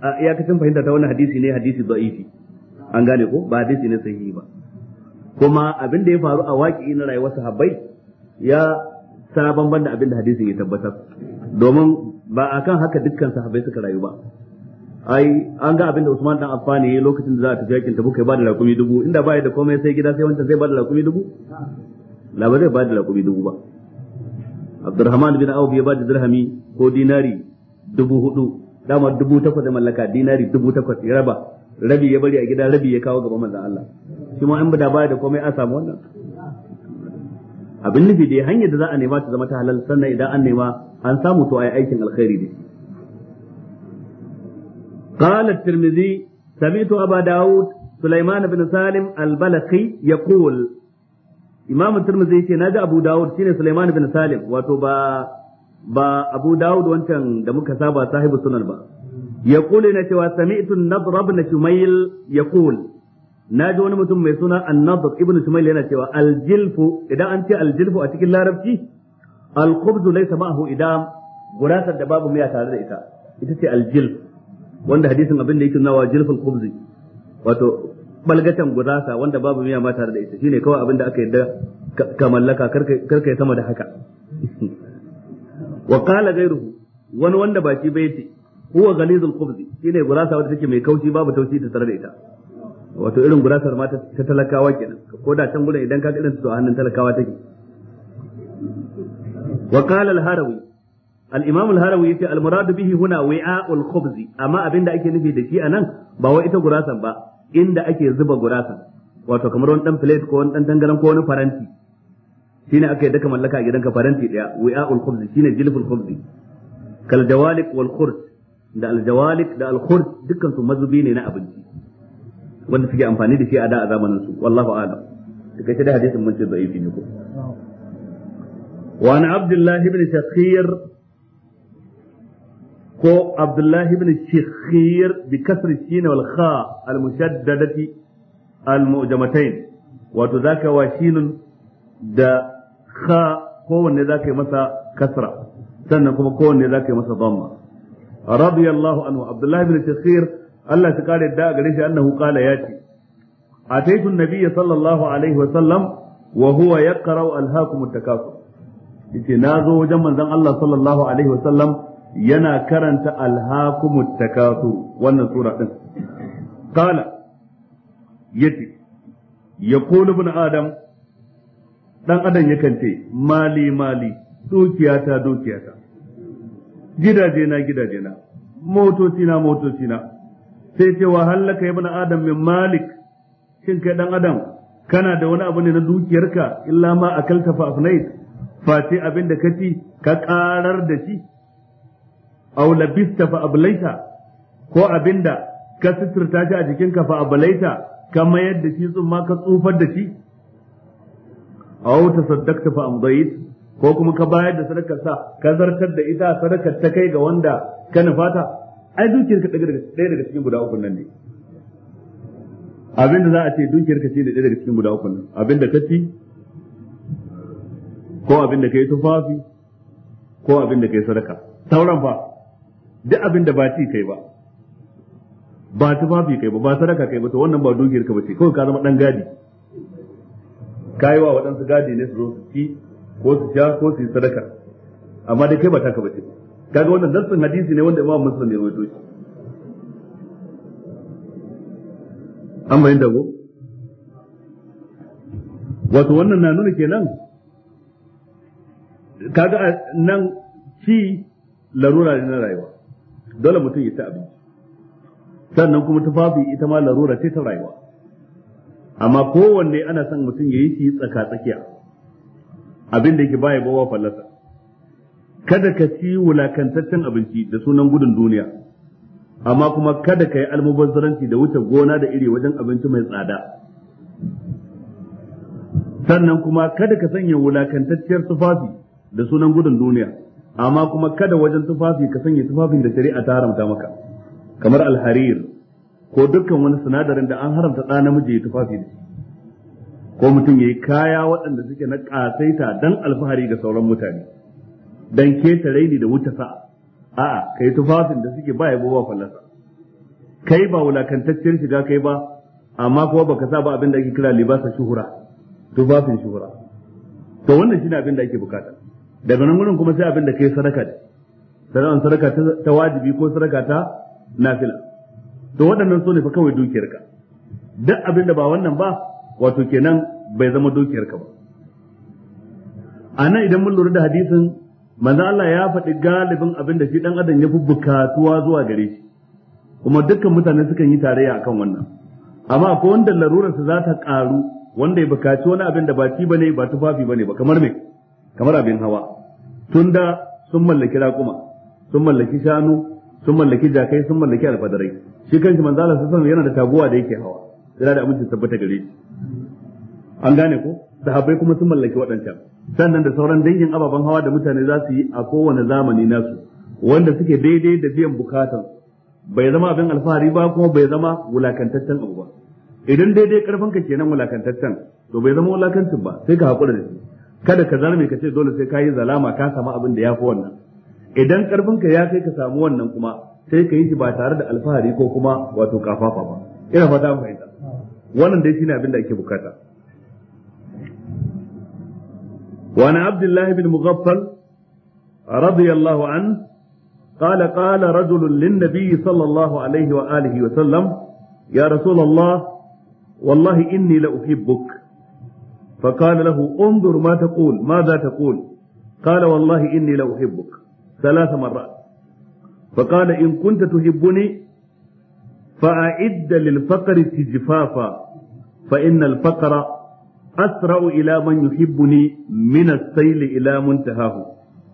a iyakacin fahimta ta wannan hadisi ne hadisi da'ifi an gane ko ba hadisi ne sahihi ba kuma abin da ya faru a waƙi na rayuwar sahabbai ya ta banban da abin da hadisin ya tabbatar domin ba a kan haka dukkan sahabbai suka rayu ba ai an ga abin da Usman dan Affan ya lokacin da za a tafi yakin Tabuk ya bada lakumi dubu inda baya da komai sai gida sai wancan sai bada lakumi dubu la ba zai bada rakumi dubu ba Abdurrahman bin Auf ya bada dirhami ko dinari dubu hudu dama dubu takwas da mallaka dinari dubu takwas ya raba rabi ya bari a gida rabi ya kawo gaban manzon Allah shi ma in ba da da komai a samu wannan abin nufi dai hanyar da za a nema ta zama ta halal sannan idan an nema an samu to ayi aikin alkhairi da shi قال الترمذي سمعت أبا داود سليمان بن سالم البلخي يقول إمام الترمذي نادى أبو داود سين سليمان بن سالم وتبا با أبو داود وانتن دمك سابا صاحب السنن با يقول نتوى سمعت النضر بن شميل يقول na ji wani mutum mai suna annabas ibn sumail yana cewa aljilfu idan an ce aljilfu a cikin larabci alkubzu laysa ma'ahu idam gurasar da babu miya tare da ita ita ce aljilf wanda hadisin abin da yake nawa jilful qubzi wato balgatan gurasa wanda babu miya ma tare da ita shine kawai abin da aka yadda ka mallaka karka sama da haka wa qala ghayruhu wani wanda baki bai ce huwa ghalizul qubzi shine gurasa wanda take mai kaushi babu taushi tare da ita wato irin gurasar ma ta talakawa kenan ko da can gudan idan ka irin su a hannun talakawa take wa qala al-harawi al-imam al-harawi yace al-murad bihi huna wi'a'ul khubz amma abinda ake nufi da shi anan ba wai ita gurasar ba inda ake zuba gurasar. wato kamar wani dan plate ko wani dan tangaran ko wani faranti shine aka yi daka mallaka a gidanka faranti daya wi'a'ul khubz shine jilful khubz kal jawalik wal khurd da al jawalik da al khurd dukkan su mazubi ne na abinci wanda suke amfani da shi a da a zamanin su wallahu a'lam hadisin mun ce da'ifi ne ko wa abdullahi ibn shakhir ko abdullahi ibn shakhir bi shin wal kha al mushaddadati al mu'jamatayn wato zaka wa da kha zaka yi masa kasra sannan kuma kowanne zaka yi masa dhamma radiyallahu anhu abdullahi ibn shakhir Allah ta kare da gare shi annahu qala ce, a an Nabiya sallallahu alaihi wa sallam wa huwa yaqra'u alhaakum at-takathur yace zo wajen manzon Allah sallallahu alaihi wa sallam yana karanta alhaakum ta takathur wannan sura din qala ya yaqulu ibn adam dan adam yakan ce mali mali dukiyata dukiyata gidaje na gidaje na motoci na motoci na sai ce wa hallaka ibn adam min malik shin kai dan adam kana da wani abu ne na dukiyarka illa ma akalta fa afnait face abin da kaci ka karar da shi aw labista fa ablaita ko abin da ka suturta shi a jikinka fa ablaita ka mayar da shi tsumma ka tsufar da shi aw tasaddaqta fa amdayt ko kuma ka bayar da sadakar sa ka zartar da ita sadakar ta kai ga wanda ka nufata ai dukiyarka ɗaya daga cikin guda uku nan ne abinda za a ce dukiyarka ce da ɗaya daga cikin guda uku nan abinda ka ci ko abinda ka yi tufafi ko abinda ka yi sadaka sauran fa duk abinda ba ci kai ba ba tufafi kai ba ba sadaka kai ba to wannan ba dukiyarka ba ce kawai ka zama ɗan gadi ka yi wa waɗansu gadi ne su zo su ci ko su sha ko su yi sadaka amma dai kai ba taka ba ce ba kaga wannan nassin hadisi ne wanda Imam Muslim ya rawaito shi Amma inda ko wato wannan na nuna kenan kaga nan ci larura ne na rayuwa dole mutum ya ci abinci sannan kuma tufafi ita ma larura ce ta rayuwa amma kowanne ana son mutum ya yi shi tsaka tsakiya abin da yake baya bawa fallasa kada ka ci wulakantaccen abinci da sunan gudun duniya amma kuma kada ka yi almubazzaranci da wuce gona da iri wajen abinci mai tsada sannan kuma kada ka sanya wulakantacciyar tufafi da sunan gudun duniya amma kuma kada wajen tufafi ka sanya tufafin da shari'a ta haramta maka kamar alharir ko dukkan wani sinadarin da an haramta ɗa namiji ya tufafi da ko mutum ya yi kaya waɗanda suke na ƙasaita don alfahari ga sauran mutane dan ketare raini da wuta sa'a. a'a kai tufafin da suke ba yabo ba fallasa kai ba wulakantaccen shiga kai ba amma kuma baka sa ba abin da ake kira libasa shuhura tufafin shuhura to wannan shine abin da ake bukata daga nan gurin kuma sai abin da kai sadaka da sadaka sadaka ta wajibi ko sadaka ta nafila to waɗannan so ne fa kawai dukiyarka duk abin da ba wannan ba wato kenan bai zama dukiyarka ba a nan idan mun lura da hadisin manzo Allah ya faɗi galibin abin da shi dan adam ya fi bukatuwa zuwa gare shi kuma dukkan mutane sukan yi tarayya akan wannan amma ko wanda larurar sa za ta ƙaru wanda ya bukaci wani abin da ba ci bane ba tufafi bane ba kamar me kamar abin hawa tunda sun mallaki raƙuma sun mallaki shanu sun mallaki jakai sun mallaki alfadarai shi kanshi manzo Allah sallallahu yana da taguwa da yake hawa yana da aminci tabbata gare shi an gane ko sahabbai kuma sun mallaki waɗancan sannan da sauran dangin ababen hawa da mutane za su yi a kowane zamani nasu wanda suke daidai da biyan bukatan bai zama abin alfahari ba kuma bai zama wulakantaccen abu ba idan daidai karfin ka kenan wulakantaccen to bai zama wulakantin ba sai ka hakura da shi kada ka zarme ka ce dole sai ka yi zalama ka samu abin da ya fi wannan idan karfin ka ya kai ka samu wannan kuma sai ka yi shi ba tare da alfahari ko kuma wato kafafa ba ina fata fahimta wannan dai shine abin da ake bukata وعن عبد الله بن مغفل رضي الله عنه قال قال رجل للنبي صلى الله عليه وآله وسلم يا رسول الله والله إني لأحبك فقال له انظر ما تقول ماذا تقول قال والله إني لأحبك ثلاث مرات فقال إن كنت تحبني فأعد للفقر تجفافا فإن الفقر أسرع إلى من يحبني من السيل إلى منتهاه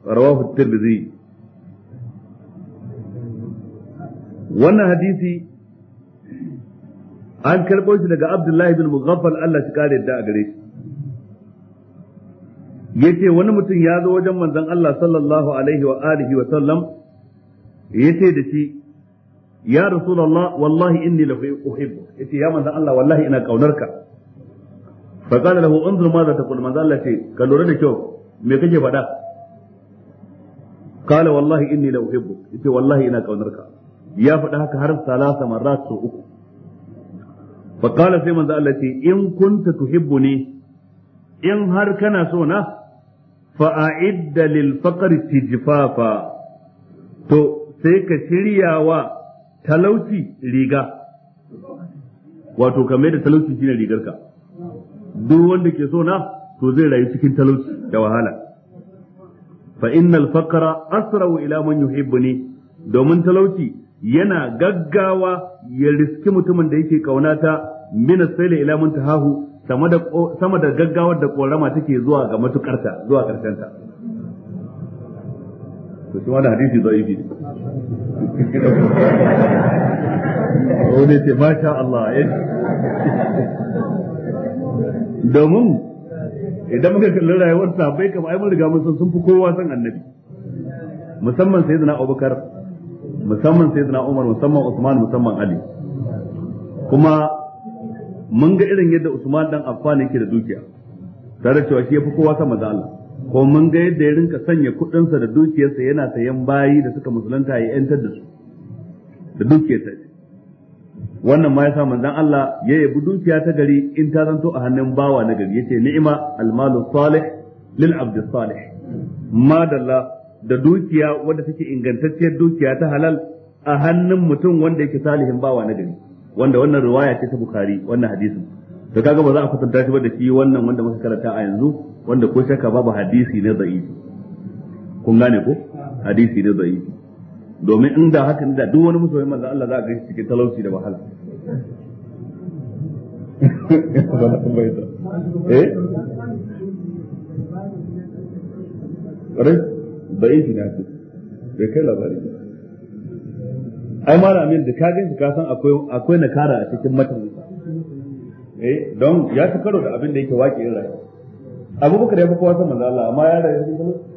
رواه الترمذي wannan hadisi an karɓo shi daga abdullahi bin mughaffal Allah shi kare da a gare shi wani mutum ya zo wajen manzon Allah sallallahu alaihi wa alihi wa sallam yace da shi ya rasulullah wallahi inni la uhibbu ya Allah wallahi ina fa qala lahu unzur ma za ta qul manzo Allah ce ka lura da kyau me kake faɗa qala wallahi inni la uhibbuk yace wallahi ina kaunarka ya faɗa haka har salasa marrat sau uku fa qala sai manzo Allah ce in kunta ne, in har kana so na fa a'idda lil faqr tijfafa to sai ka shirya wa talauci riga wato kamar da talauci shine rigarka duk wanda ke so na to zai rayu cikin talauci da wahala fa innal faqra asra'u ila man yuhibbuni domin talauci yana gaggawa ya riski mutumin da yake kaunata min asali ila man tahahu sama da sama da gaggawar da korama take zuwa ga matukarta zuwa karshenta to shi wannan hadisi da'ifi ne ko ne ce masha Allah eh. domin idan muka kalli rayuwar sahabbai kamar ai mun riga mun san sun fi kowa san annabi musamman sayyidina Abubakar musamman sayyidina Umar musamman Usman musamman Ali kuma mun ga irin yadda Usman dan Affan yake da dukiya tare cewa shi yafi kowa san manzo Allah ko mun ga yadda ya rinka sanya kuɗinsa da dukiyarsa yana sayan bayi da suka musulunta ya yantar da su da dukiyarsa wannan ma yasa manzon Allah ya yabi dukiya ta gari in ta zanto a hannun bawa na gari yace ni'ima almalu salih lil abd salih madalla da dukiya wanda take ingantacciyar dukiya ta halal a hannun mutum wanda yake salihin bawa na gari wanda wannan riwaya ce ta bukhari wannan hadisin to kaga ba za a kasanta shi ba da shi wannan wanda muka karanta a yanzu wanda ko shakka babu hadisi ne da'ifi kun gane ko hadisi ne da'ifi domin inda haka ne da duk wani musulmi manzo Allah za a gaishe cikin talauci da wahala eh rai bai na bai kai labari ai mara amin da ka ganshi ka san akwai akwai kara a cikin matan eh don ya fi karo da abin da yake waƙe rai. abubakar ya fi kowa san manzo Allah amma ya ya fi talauci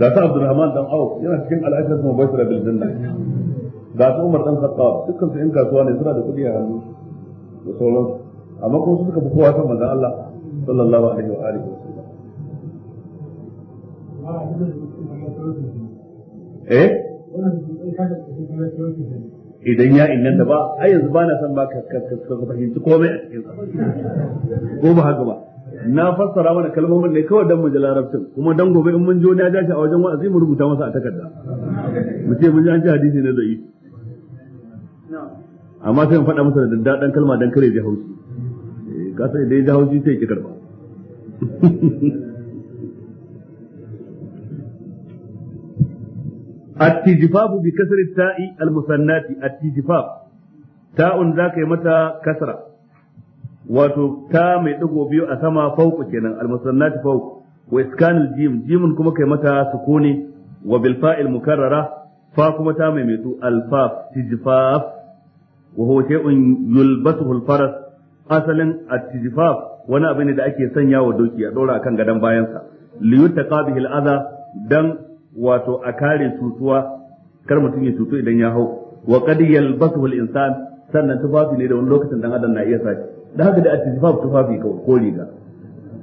ga ta Abdurrahman dan Auf yana cikin al'ashar sama bashara bil janna ga ta Umar dan Khattab dukkan su in kasuwa ne suna da kuɗi a hannu da sauran amma kuma su suka fi kowa san manzon Allah sallallahu alaihi wa alihi eh idan ya innan da ba ai yanzu ba na san ba ka fahimci komai a cikin ko ba haka ba na fassara mana kalmomin ne kawai dan mu ji larabcin kuma dan gobe in mun jo ne ja shi a wajen wa'azi mu rubuta masa a takarda mu ce mun ji an ji hadisi na zai amma sai mun faɗa masa da daddaɗan kalma dan kare ji haushi eh, ka sai dai ji haushi sai ki karba التجفاف بكسر التاء المثنات التجفاف تاء ذاك متى كسره wato ta mai digo biyu a sama fauku kenan almusannat fauku wa iskanul jim jimun kuma kai mata sukuni wa bil fa'il mukarrara fa kuma ta mai metu alfa tijfaf wa huwa shay'un yulbasuhu alfaras asalin at-tijfaf wani abu ne da ake sanya wa doki a dora akan gadan bayansa liyutaqa bihi al-adha dan wato a kare tutuwa kar mutum ya tutu idan ya hau wa qad yalbasuhu al-insan sannan tufafi ne da wani lokacin dan adam na iya sashi da haka da attifaf tufafi ko riga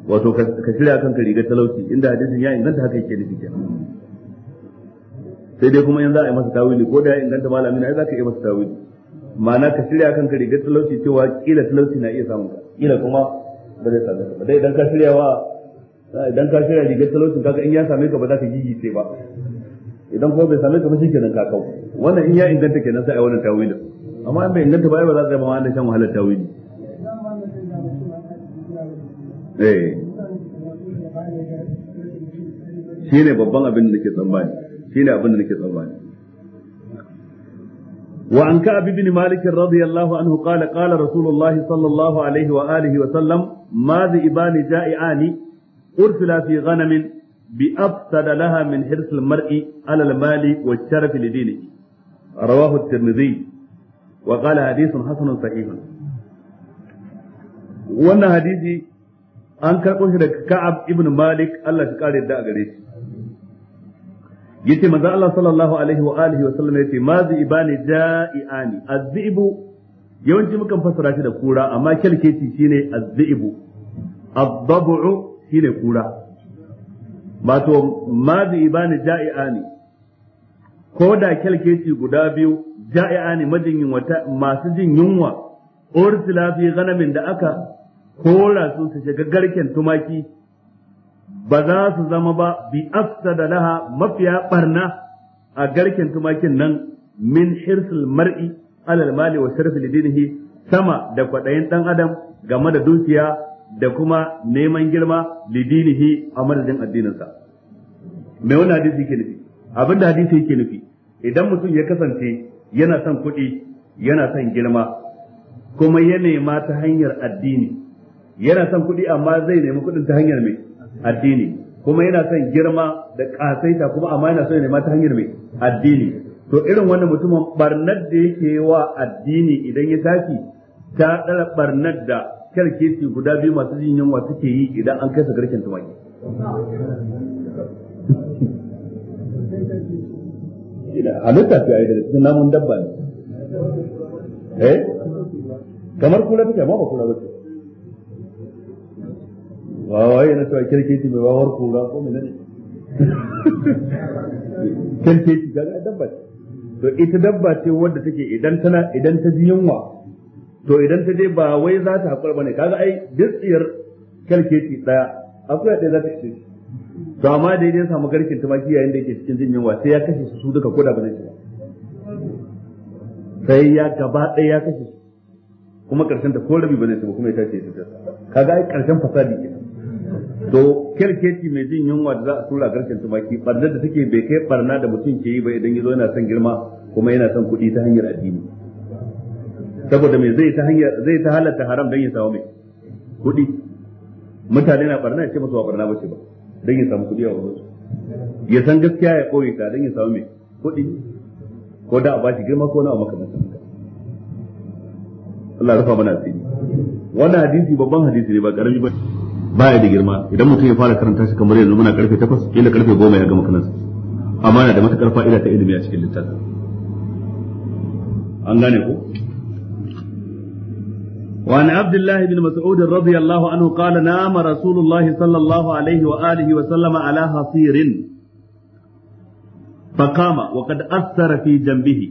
wato ka shirya kanka rigar talauci inda hadisin ya inganta haka yake nufi kenan sai dai kuma in za a yi masa tawili ko da ya inganta malamin ai za ka yi masa tawili ma'ana ka shirya kanka rigar talauci cewa kila talauci na iya samun ka kila kuma ba zai same ka ba dai idan ka shirya wa idan ka shirya rigar talauci kaga in ya same ka ba za ka gigice ba idan kuma bai same ka ba shikenan ka kawo wannan in ya inganta kenan sai a yi wannan tawilin amma in bai inganta ba ba za ka yi ba wannan shan wahalar tawili Eh. shi ne babban abin da nake tsammani shi ne abin da nake tsammani wa an ka abi bin malik radiyallahu anhu qala qala rasulullah sallallahu alaihi wa alihi wa sallam ma za ibani ja'iani ursila fi ghanamin bi afsada laha min hirs al mar'i ala al mali wa sharaf li dinihi rawahu at-tirmidhi wa qala hadithun hasanun sahihun wannan hadisi an karɓo shi daga Ka'ab ibn Malik Allah shi kare da a gare shi yace manzo Allah sallallahu alaihi wa alihi wa sallam yace ma ibani ja'iani az-zibu yawanci mukan fassara shi da kura amma kalkeci shine az-zibu ad-dab'u shine kura wato ma ibani ja'iani ko da kalkeci guda biyu ja'iani majinyin wata masu jin yunwa ursila fi ghanamin da aka kora su su shiga garken tumaki ba za su zama ba bi afsada laha mafiya barna a garken tumakin nan min hirsul mar'i alal mali wa sharfi dinihi sama da kwadayin dan adam game da dukiya da kuma neman girma lidinihi a madadin addininsa me wannan hadisi yake nufi abin da hadisi yake nufi idan mutum ya kasance yana son kuɗi yana son girma kuma ya nema ta hanyar addini yana son kuɗi amma zai nemi kuɗin ta hanyar mai addini kuma yana son girma da ƙasaita kuma amma yana son nema ta hanyar mai addini to irin wannan mutumin barnar da yake wa addini idan ya tashi ta ɗara barnar da kyarkeci guda biyu masu jin yunwa suke yi idan an kai su garkin tumaki halitta ce a yi daga cikin namun dabba ne eh kamar kula take ma ba kula ba ce wawaye na cewa kirkeci mai wawar kura ko mai nane kirkeci ga dabba ce to ita dabba ce wanda take idan tana idan ta ji yunwa to idan ta je ba wai za ta hakura bane kaga ai dutsiyar tsiyar kirkeci daya akwai ɗaya za ta ce to amma da ya samu garkin tumaki yayin da yake cikin jin yunwa sai ya kashe su su duka koda bane ba sai ya gaba ɗaya ya kashe kuma karshen ta ko rabi ba zai ba kuma ya tace ta Ka kaga ai karshen fasadi ne to kerkeci mai jin yunwa da za a tura garken tumaki barnar da take bai kai barna da mutum ke yi ba idan ya zo yana son girma kuma yana son kuɗi ta hanyar addini saboda me zai ta hanyar zai ta halatta haram don ya samu mai kuɗi mutane na barna ya ce masu ba barna ba ce ba don ya samu kuɗi a wurin ya san gaskiya ya koyi ta don ya samu mai kuɗi ko da a bashi girma ko na makamantan Allah rufa mana asiri wannan hadisi babban hadisi ne ba karami ba baya da girma idan mutum ya fara karanta shi kamar yanzu muna karfe 8 kila karfe 10 ya gama kalansa amma yana da matakar fa'ida ta ilimi a cikin littafin an gane ko وعن عبد الله بن مسعود رضي الله عنه قال نام رسول الله صلى الله عليه وآله وسلم على حصير فقام وقد أثر في جنبه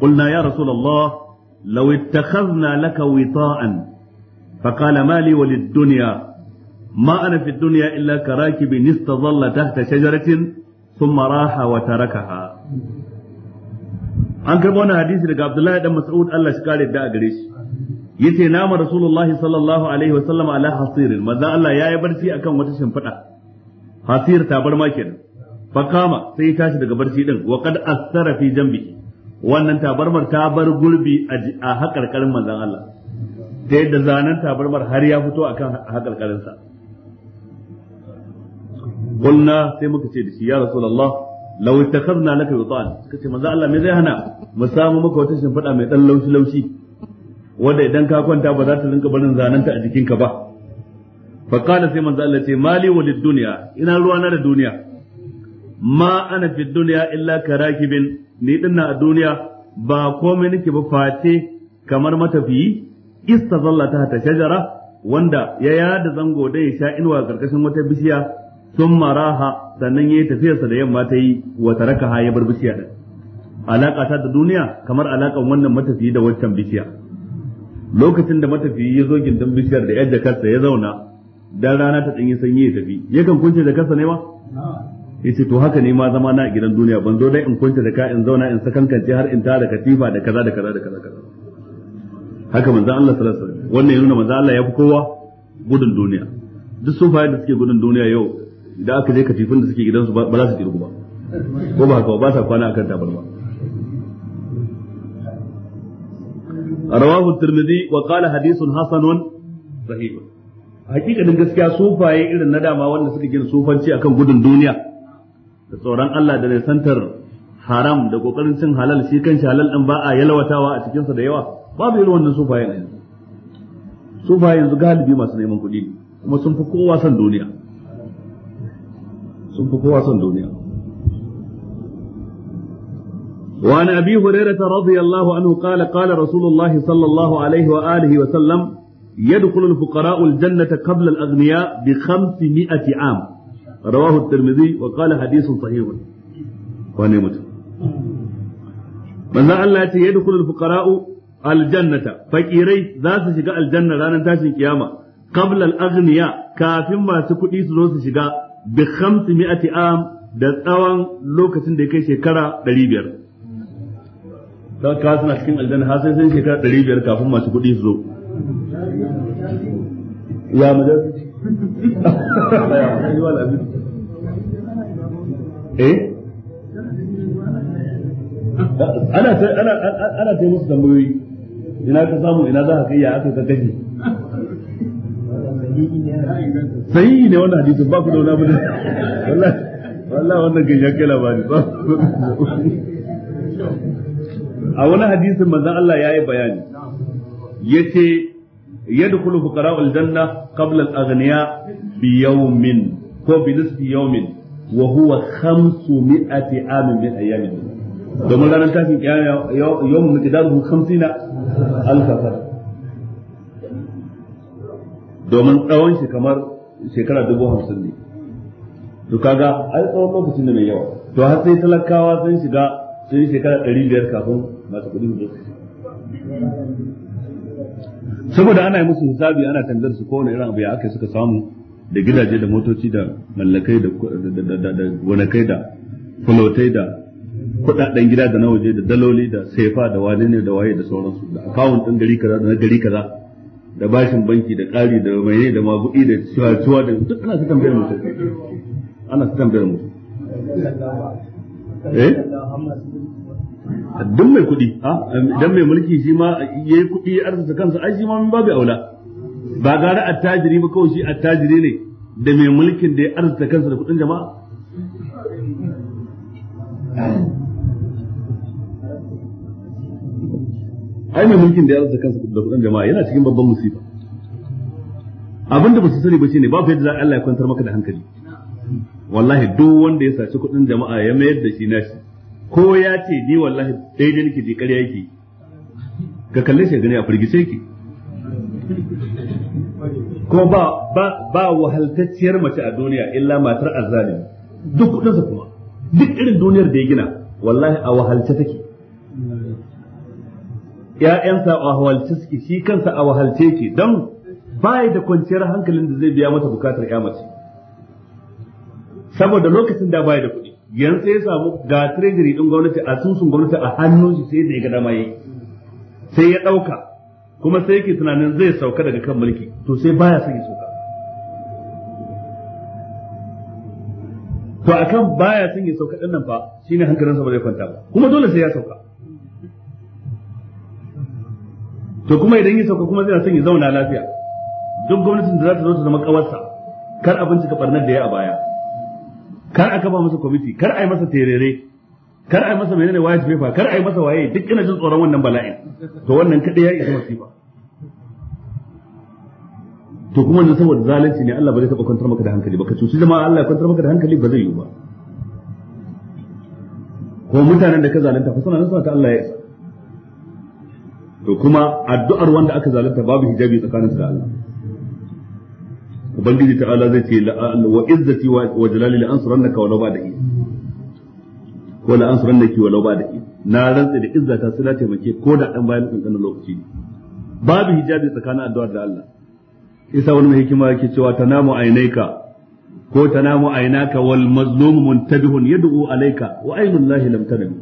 قلنا يا رسول الله لو اتخذنا لك وطاء فقال ما لي وللدنيا ma ana fi dunya illa karakibin istazalla tahta shajaratin thumma raha wa an karɓo wani hadisi daga Abdullahi dan Mas'ud Allah shi kare da a gare shi yace nama Rasulullahi sallallahu alaihi wa sallam ala hasirin maza Allah yayi barci akan wata shimfiɗa hasir tabarma kenan fakama sai ya tashi daga barci din wa qad asara fi jambi wannan tabarmar ta bar gurbi a hakarkarin manzon Allah ta yadda zanen tabarmar har ya fito akan hakarkarin sa qulna sai muka ce da shi ya rasulullah law ittakhadna laka yutan suka ce manzo Allah me zai hana mu samu maka wata shimfiɗa mai dan laushi laushi wanda idan ka kwanta ba za ta rinka barin zananta a jikinka ba fa qala sai manzo Allah ce mali walid dunya ina ruwana da duniya ma ana fi dunya illa karakibin ni dinna a duniya ba komai nake ba face kamar matafiyi istazalla ta ta shajara wanda ya yada zango dai ya sha inuwa karkashin wata bishiya sun maraha sannan ya yi tafiyarsa da yamma ta yi wa taraka ha ya bar bishiya da. alaƙa ta da duniya kamar alaƙan wannan matafiyi da waccan bishiya lokacin da matafiyi ya zo gindin bishiyar da yadda kansa ya zauna dan rana ta ɗanyi sanyi ya tafi yakan kunce da kansa ne ma ce to haka ne ma zama na gidan duniya ban zo dai in kunce da ka in zauna in sakankance har in tara katifa da kaza da kaza da kaza kaza haka manzan Allah sallallahu alaihi wasallam wannan ya nuna manzan Allah ya fi kowa gudun duniya duk sufaye da suke gudun duniya yau idan aka je katifin da suke gidansu ba za su kirgu ba ko ba haka ba sa kwana akan tabarma rawahu tirmidhi wa qala hadithun hasanun sahih hakikanin gaskiya sufaye irin na dama wanda suka gina sufanci akan gudun duniya da tsoron Allah da nisantar haram da kokarin cin halal shi kan halal din ba a yalwatawa a cikin sa da yawa babu irin wannan sufaye ne sufaye yanzu galibi masu neman kuɗi kuma sun fi kowa son duniya sun fi kowa son duniya وعن أبي هريرة رضي الله عنه قال قال رسول الله صلى الله عليه وآله وسلم يدخل الفقراء الجنة قبل الأغنياء بخمسمائة عام رواه الترمذي وقال حديث صحيح ونمت manzon Allah ya ce yadkhulul fuqara'u aljannata fakirai za su shiga aljanna ranar tashin ƙiyama, qabla al kafin masu kuɗi su zo su shiga bi khamsi mi'ati am da tsawon lokacin da ya kai shekara 500 da ka suna cikin aljanna har sai sun shekara 500 kafin masu kuɗi su zo ya majalisa eh ana ana ana ta musu tambayoyi ina ka samu ina za ka kai ya aka ka sahihi ne wannan hadisin ba ku da wani abu da wallahi wannan kan ya kai labari ba a wani hadisin manzon Allah ya yi bayani yace yadkhulu fuqara aljanna qabla al-aghniya bi yawmin ko bi nisfi yawmin wa huwa 500 amin min ayyamin domin ranar tashin kiyama yawmin miqdaruhu 50 alfa sana domin tsawon shi kamar shekara dubu hamsin ne to kaga ai tsawon lokacin da mai yawa to har sai talakawa sun shiga sun shekara ɗari biyar kafin masu kuɗi su saboda ana yi musu hisabi ana tambayar su kowane irin abu ya aka suka samu da gidaje da motoci da mallakai da gonakai da fulotai da kudaden gida da na waje da daloli da saifa da wane ne da waye da sauransu da akawun ɗin gari kaza da na gari kaza da bashin banki da ƙari da mai da magudi da ciwa da duk ana ta tambayar mutum ana ta tambayar mutum eh duk mai kuɗi dan mai mulki shi ma yi kuɗi ya arzuta kansa ai shi ma min babu aula ba gara attajiri ba kawai shi attajiri ne da mai mulkin da ya arzuta kansa da kuɗin jama'a ai mai mulkin da ya rasa kansa da kudin jama'a yana cikin babban musiba abinda ba su sani ba shine babu yadda Allah ya kwantar maka da hankali wallahi duk wanda ya saci kudin jama'a ya mayar da shi nashi ko ya ce ni wallahi daidai nake je ƙarya yake ka kalle shi gani a firgice yake ko ba ba ba wahaltacciyar mace a duniya illa matar azzalimi duk kudinsa kuma duk irin duniyar da ya gina wallahi a wahalce take ‘ya’yansa a wahalce suke shi kansa a wahalce ke don baya da kwanciyar hankalin da zai biya mata bukatar ƴa mace saboda lokacin da baya da kuɗi yanzu ya samu ga treasury din gwamnati a sun gwamnati a hannun shi sai da ya ga dama yi sai ya ɗauka kuma sai yake tunanin zai sauka daga kan mulki to sai baya son ya sauka to akan baya son ya sauka ɗin nan fa shine hankalinsa ba zai kwanta ba kuma dole sai ya sauka to kuma idan ya sauka kuma zai son ya zauna lafiya duk gwamnatin da za ta zo ta zama kawarsa kar a bincika barnar da ya a baya kar a ba masa kwamiti kar a yi masa terere kar a yi masa menene waya jefa kar a yi masa waye duk ina jin tsoron wannan bala'in to wannan kadai ya isa masifa to kuma wannan saboda zalunci ne Allah ba zai taba kwantar maka da hankali ba ka cuci jama'a Allah ya kwantar maka da hankali ba zai yi ba ko mutanen da ka zalunta fa suna nan suna ta Allah ya isa da kuma addu'ar wanda aka zalunta babu hijabi tsakanin da Allah ubangiji ta'ala zai ce wa izzati wa jalali la ansurannaka walau ba'da iya ko la ansurannaki walau ba'da iya na rantsa da izzata sai na taimake ko da dan bayan kankanin lokaci babu hijabi tsakanin addu'a da Allah isa wani hikima yake cewa tanamu ainaika ko tanamu ainaka wal mazlum muntabihun yad'u alayka wa aynullahi lam tanami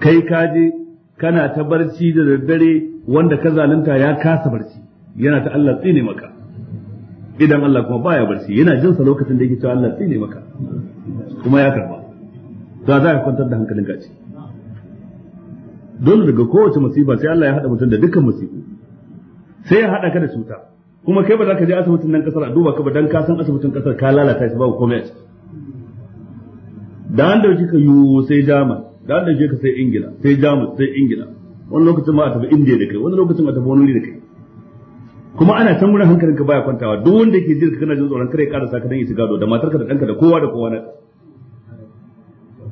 kai kaje kana ta barci da daddare wanda ka zalunta ya kasa barci yana ta Allah tsine maka idan Allah kuma baya barci yana jin sa lokacin da yake cewa Allah tsine maka kuma ya karba da za ka kwantar da hankalin ce dole daga kowace musiba sai Allah ya hada mutum da dukkan musibu sai ya hada ka da cuta kuma kai ba za ka je asibitin nan kasar a duba ka ba dan ka san asibitin kasar ka lalata shi babu komai a ciki da an dauki ka sai jama'a da an dauke ka sai ingila sai jamus sai ingila wani lokacin ma a tafi indiya da kai wani lokacin a tafi wani da kai kuma ana can wurin hankalin ka baya kwantawa duk wanda ke jirka kana jin tsoron kare karasa ka dan yi gado da matarka da danka da kowa da kowa na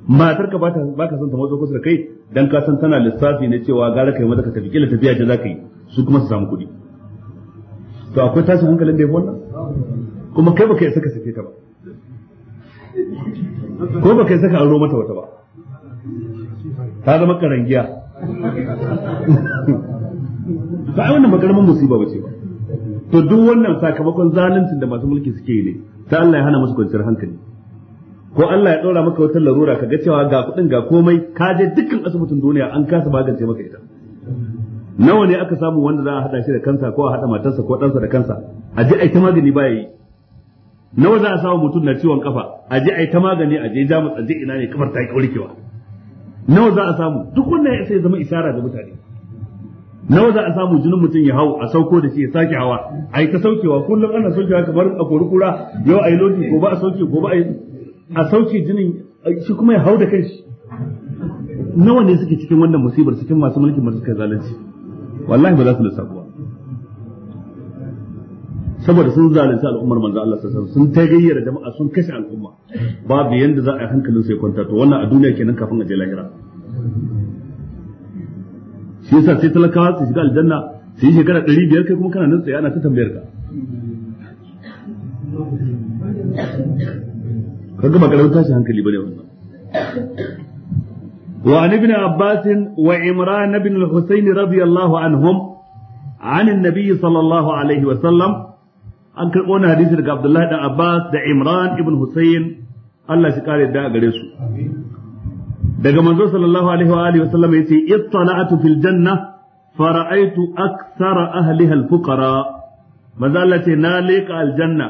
matarka ba ta ba ka son ta matso kusa da kai dan ka san tana lissafi ne cewa gara kai maza ka tafi kila tafiya ce zaka yi su kuma su samu kuɗi to akwai tashin hankalin da ya wannan kuma kai baka isa ka sake ta ba ko baka isa ka aro mata wata ba ta zama karangiya ba ai wannan ba musiba bace ba to duk wannan sakamakon zaluncin da masu mulki suke yi ne ta Allah ya hana musu kwanciyar hankali ko Allah ya ɗora maka wata larura ka ga cewa ga kuɗin ga komai ka je dukkan asibitin duniya an kasa magance maka ita nawa ne aka samu wanda za a haɗa shi da kansa ko a haɗa matarsa ko ɗansa da kansa a je a yi ta magani ba yi nawa za a samu mutum na ciwon kafa a je a yi ta magani a je jamus a je ina ne kafar ta ƙaurikewa nawa za a samu duk wannan ya sai zama isara ga mutane nawa za a samu jinin mutum ya hau a sauko da shi ya sake hawa ai ta saukewa kullum ana saukewa kamar a kori kura yau ai lodi gobe a sauke gobe a a sauke jinin shi kuma ya hau da kanshi nawa ne suke cikin wannan musibar cikin masu mulkin masu kai zalunci wallahi ba za su lissafu ba saboda sun zalunci al'ummar manzo Allah sallallahu alaihi wasallam sun tagayyara jama'a sun kashe al'umma babu yanda za a yi hankalin sai kwanta to wannan a duniya kenan kafin a je lahira shi yasa sai talakawa su shiga aljanna su yi shekara ɗari biyar kai kuma kana nan tsaye ana ta tambayar ka kaga ba karamin tashin hankali bane wannan وعن ابن عباس وعمران بن الحسين رضي الله عنهم عن النبي صلى الله عليه وسلم an karɓo na hadisi daga Abdullahi da Abbas da Imran ibn Hussein Allah shi kare da gare su daga manzo sallallahu alaihi wa alihi wasallam yace ittala'tu fil janna fara'aitu akthara ahliha al fuqara manzo Allah ce na leka aljanna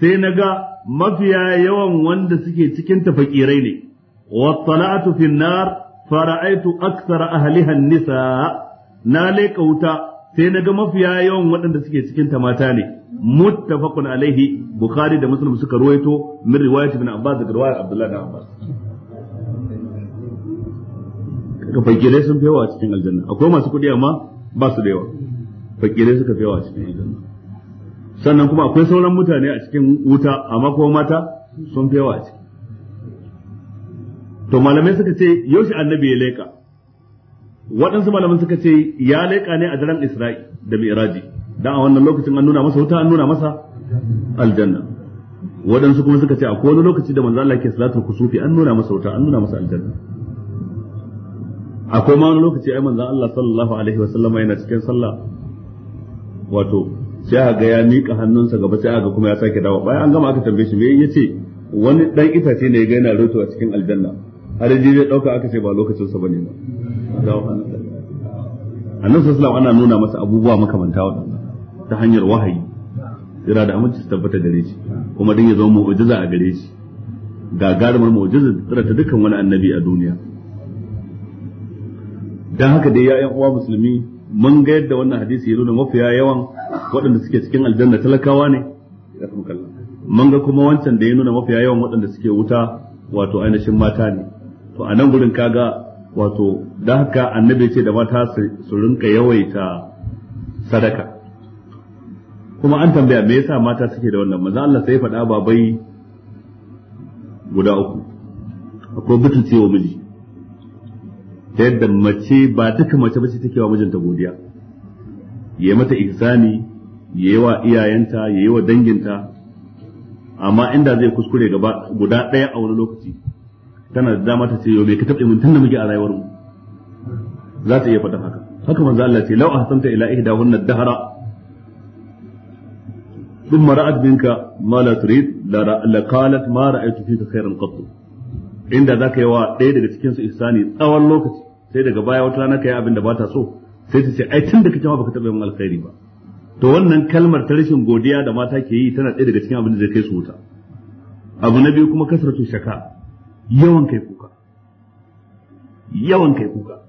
sai ga mafiya yawan wanda suke cikin ta fakirai ne wattala'tu fil nar fara'aitu akthara ahliha an nisa na leka wuta sai na ga mafiya yawan waɗanda suke cikin ta mata ne muttafaqun alaihi bukhari da muslim suka ruwaito min riwayat ibn abbas da riwayar abdullahi da abbas ga fakirai sun fi a cikin aljanna akwai masu kuɗi amma ba su da yawa fakirai suka fi a cikin aljanna sannan kuma akwai sauran mutane a cikin wuta amma kuma mata sun fi a ciki to malamai suka ce yaushe annabi ya laika? waɗansu malaman suka ce ya leƙa ne a daren isra'i da mi'raji dan a wannan lokacin an nuna masa wuta an nuna masa aljanna waɗansu kuma suka ce a wani lokaci da manzo Allah ke salatul kusufi an nuna masa wuta an nuna masa aljanna akwai ma wani lokaci ai manzo Allah sallallahu alaihi wasallam yana cikin sallah wato sai ga ya miƙa hannunsa gaba sai ga kuma ya sake dawo bayan an gama aka tambaye shi me yace wani dan itace ne ya ga yana roto a cikin aljanna har je ya dauka aka ce ba lokacin sa bane ba sa sallallahu ana nuna masa abubuwa makamanta waɗannan ta hanyar wahayi jira da aminci su tabbata gare shi kuma din ya zama mu'jiza a gare shi ga gagarumar mu'jiza da tsara ta dukkan wani annabi a duniya dan haka dai ya'yan uwa musulmi mun ga yadda wannan hadisi ya nuna mafiya yawan waɗanda suke cikin aljanna talakawa ne mun ga kuma wancan da ya nuna mafiya yawan waɗanda suke wuta wato ainihin mata ne to a nan gurin kaga wato da haka annabi ce da mata su rinka yawaita sadaka kuma an tambaya me yasa mata suke da wannan manzo Allah sai faɗa babai guda uku akwai ce wa miji ta yadda mace ba duka mace bace take wa mijinta godiya yayi mata ihsani yayi wa iyayenta yayi wa danginta amma inda zai kuskure gaba guda ɗaya a wani lokaci tana da dama ta ce yau me ka taɓa mun tunda muke a rayuwar mu za ta iya faɗin haka haka manzo Allah ce law ahsanta ila ihda hunna dahra thumma ra'at minka ma la turid la qalat ma ra'aytu fika khairan qattu inda zaka yi wa ɗaya daga cikin su ihsani tsawon lokaci sai daga baya wata rana kai abin da ba ta so sai ta ce ai tun da kake ma baka taɓa mun alkhairi ba to wannan kalmar ta rashin godiya da mata ke yi tana ɗaya daga cikin abin da zai kai su wuta abu na biyu kuma kasratu shaka yawan kai kuka yawan kai kuka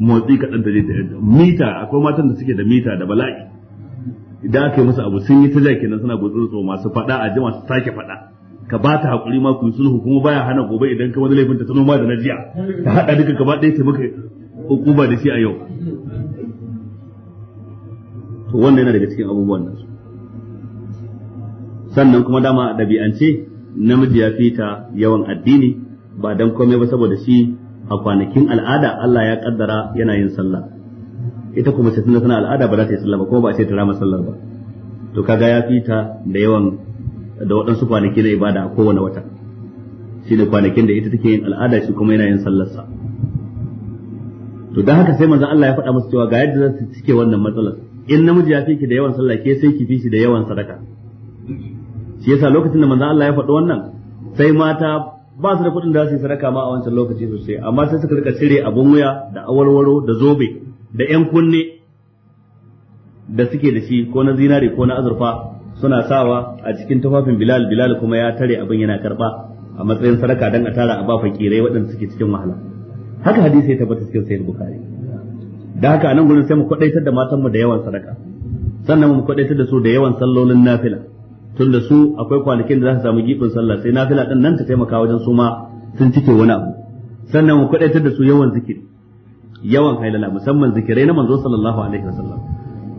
motsi kaɗan da zai mita akwai matan da suke da mita da bala'i idan aka yi musu abu sun yi ta jaki nan suna gutsu tso masu faɗa a jima su sake faɗa ka ba ta hakuri ma ku yi sulhu kuma baya hana gobe idan ka wani laifin ta tuno ma da na jiya ta haɗa duka gaba ɗaya ta maka hukuma da shi a yau to wannan yana daga cikin abubuwan nan sannan kuma dama ɗabi'ance namiji ya fita yawan addini ba dan komai ba saboda shi a kwanakin al'ada Allah ya kaddara yana yin sallah ita kuma ce tana al'ada ba za ta yi sallah ba kuma ba a ce ta rama sallar ba to kaga ya fita da yawan da waɗansu kwanaki na ibada a kowane wata shi ne kwanakin da ita take yin al'ada shi kuma yana yin sallarsa to don haka sai manzo Allah ya faɗa musu cewa ga yadda za su cike wannan matsalar in namiji ya fi ki da yawan sallah ke sai ki fi shi da yawan sadaka shi yasa lokacin da manzo Allah ya faɗi wannan sai mata ba su da kuɗin da su yi sadaka ma a wancan lokaci sosai amma sai suka rika cire abun wuya da awarwaro da zobe da yan kunne da suke da shi ko na zinare ko na azurfa suna sawa a cikin tufafin Bilal Bilal kuma ya tare abin yana karba a matsayin sadaka dan a tara a ba fakirai waɗanda suke cikin wahala haka hadisi ya tabbata cikin sahih bukhari da haka nan gurin sai mu kwadaitar da matan da yawan sadaka sannan mu kwadaitar da su da yawan sallolin nafila tunda su akwai kwanakin da za su samu gibin sallah sai na fila din nan ta taimaka wajen su ma sun cike wani abu sannan mu kwadaitar da su yawan zikiri yawan hailala musamman zikirai na manzo sallallahu alaihi wasallam